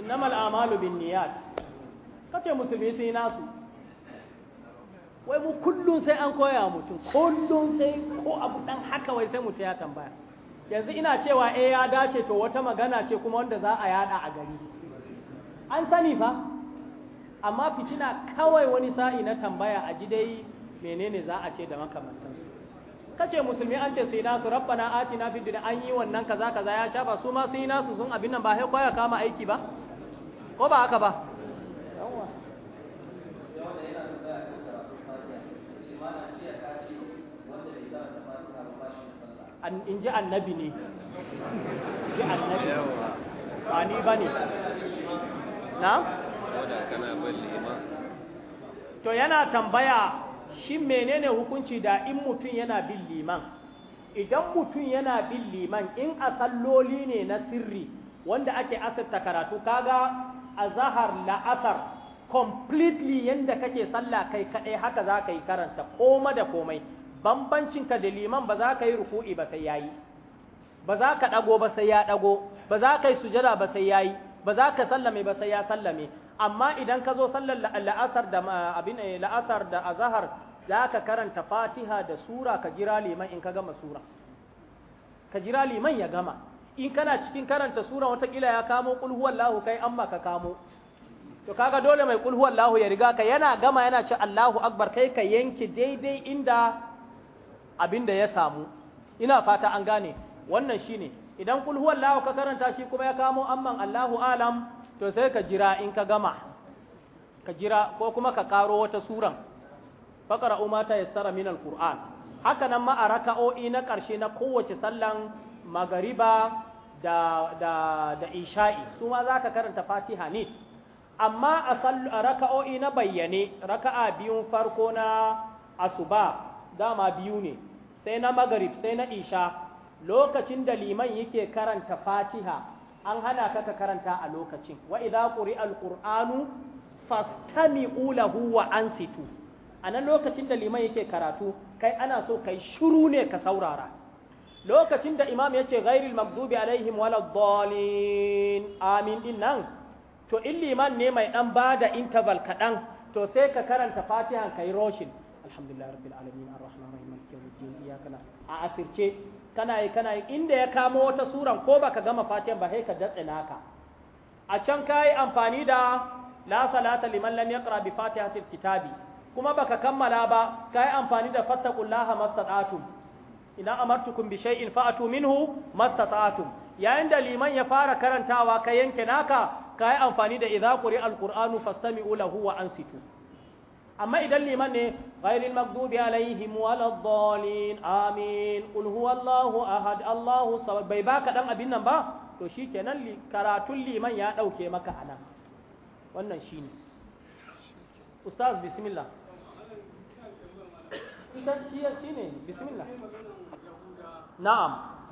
innamal amalu bin niyat kace musulmi sai nasu wai mu kullum sai an koya mutum kullum sai ko abu dan haka wai sai mutum ya tambaya yanzu ina cewa eh ya dace to wata magana ce kuma wanda za a yada a gari an sani fa amma fitina kawai wani sa'i na tambaya a ji dai menene za a ce da makamantansu kace musulmi an ce sai nasu rabbana atina fid dunya an yi wannan kaza kaza ya shafa su ma sai nasu sun abin nan ba sai koya kama aiki ba ko ba haka ba in ji annabi ne ji annabi ba ni ba ne na? to yana tambaya Shin menene hukunci da in mutum yana bin liman idan mutum yana bin liman in a salloli ne na sirri wanda ake asirta karatu kaga a zahar la'asar completely yanda kake sallah kai kaɗai haka za ka yi karanta koma da komai bambancinka da liman ba za ka yi ruku'i ba sai yayi ba za ka ɗago ba sai ya ɗago ba za ka yi sujada ba sai yayi ba za ka sallame ba sai ya sallame amma idan ka zo sallar la'asar da abin eh, la'asar da azhar za ka karanta fatiha da sura ka jira liman in ka gama sura ka jira liman ya gama in kana cikin karanta sura kila ya kamo kul huwallahu kai amma ka kamo to kaga dole mai kul huwallahu ya riga ka yana gama yana ce Allahu akbar kai ka yanke daidai inda abin da ya samu ina fata an gane wannan shine idan kul huwallahu ka karanta shi kuma ya kamo amman Allahu alam to sai ka jira in ka gama ka jira ko kuma ka karo wata suran Baƙar umata yassara min alquran haka nan ma a na ƙarshe na kowace sallan magariba da da da isha'i su ma zaka karanta fatiha ne amma a raka'o'i na bayyane raka'a biyun farko na asuba dama biyu ne sai na magarib sai na isha lokacin da liman yake karanta fatiha an hana ka ka karanta a lokacin wa idza quri'a alqur'anu fastami'u lahu wa ansitu a nan lokacin da liman yake karatu kai ana so kai shiru ne ka saurara lokacin da imam yace ghairil maghdubi alaihim waladdallin amin din nan to in liman ne mai dan bada interval kadan to sai ka karanta fatihan kai roshin alhamdulillah rabbil alamin arrahmanir rahim maliki yawmiddin iyyaka na'budu a asirce kana yi kana yi inda ya kamo wata suran ko baka gama fatiyan ba sai ka datse naka a can kai amfani da la salata liman lam yaqra bi fatihatil kitabi kuma baka kammala ba kai amfani da fattaqullaha mastata'tum ina amartukum bi shay'in fa'atu minhu mastata'tum yayin da liman ya fara karantawa ka yanke naka kai amfani da idza quri'al qur'anu fastami'u lahu wa ansitu amma idan liman ne ghairil maghdubi alaihim waladdallin amin qul huwallahu ahad allahu samad bai baka dan abin nan ba to shikenan karatun liman ya dauke maka anan wannan shine ustaz bismillah ustaz shi ne bismillah na'am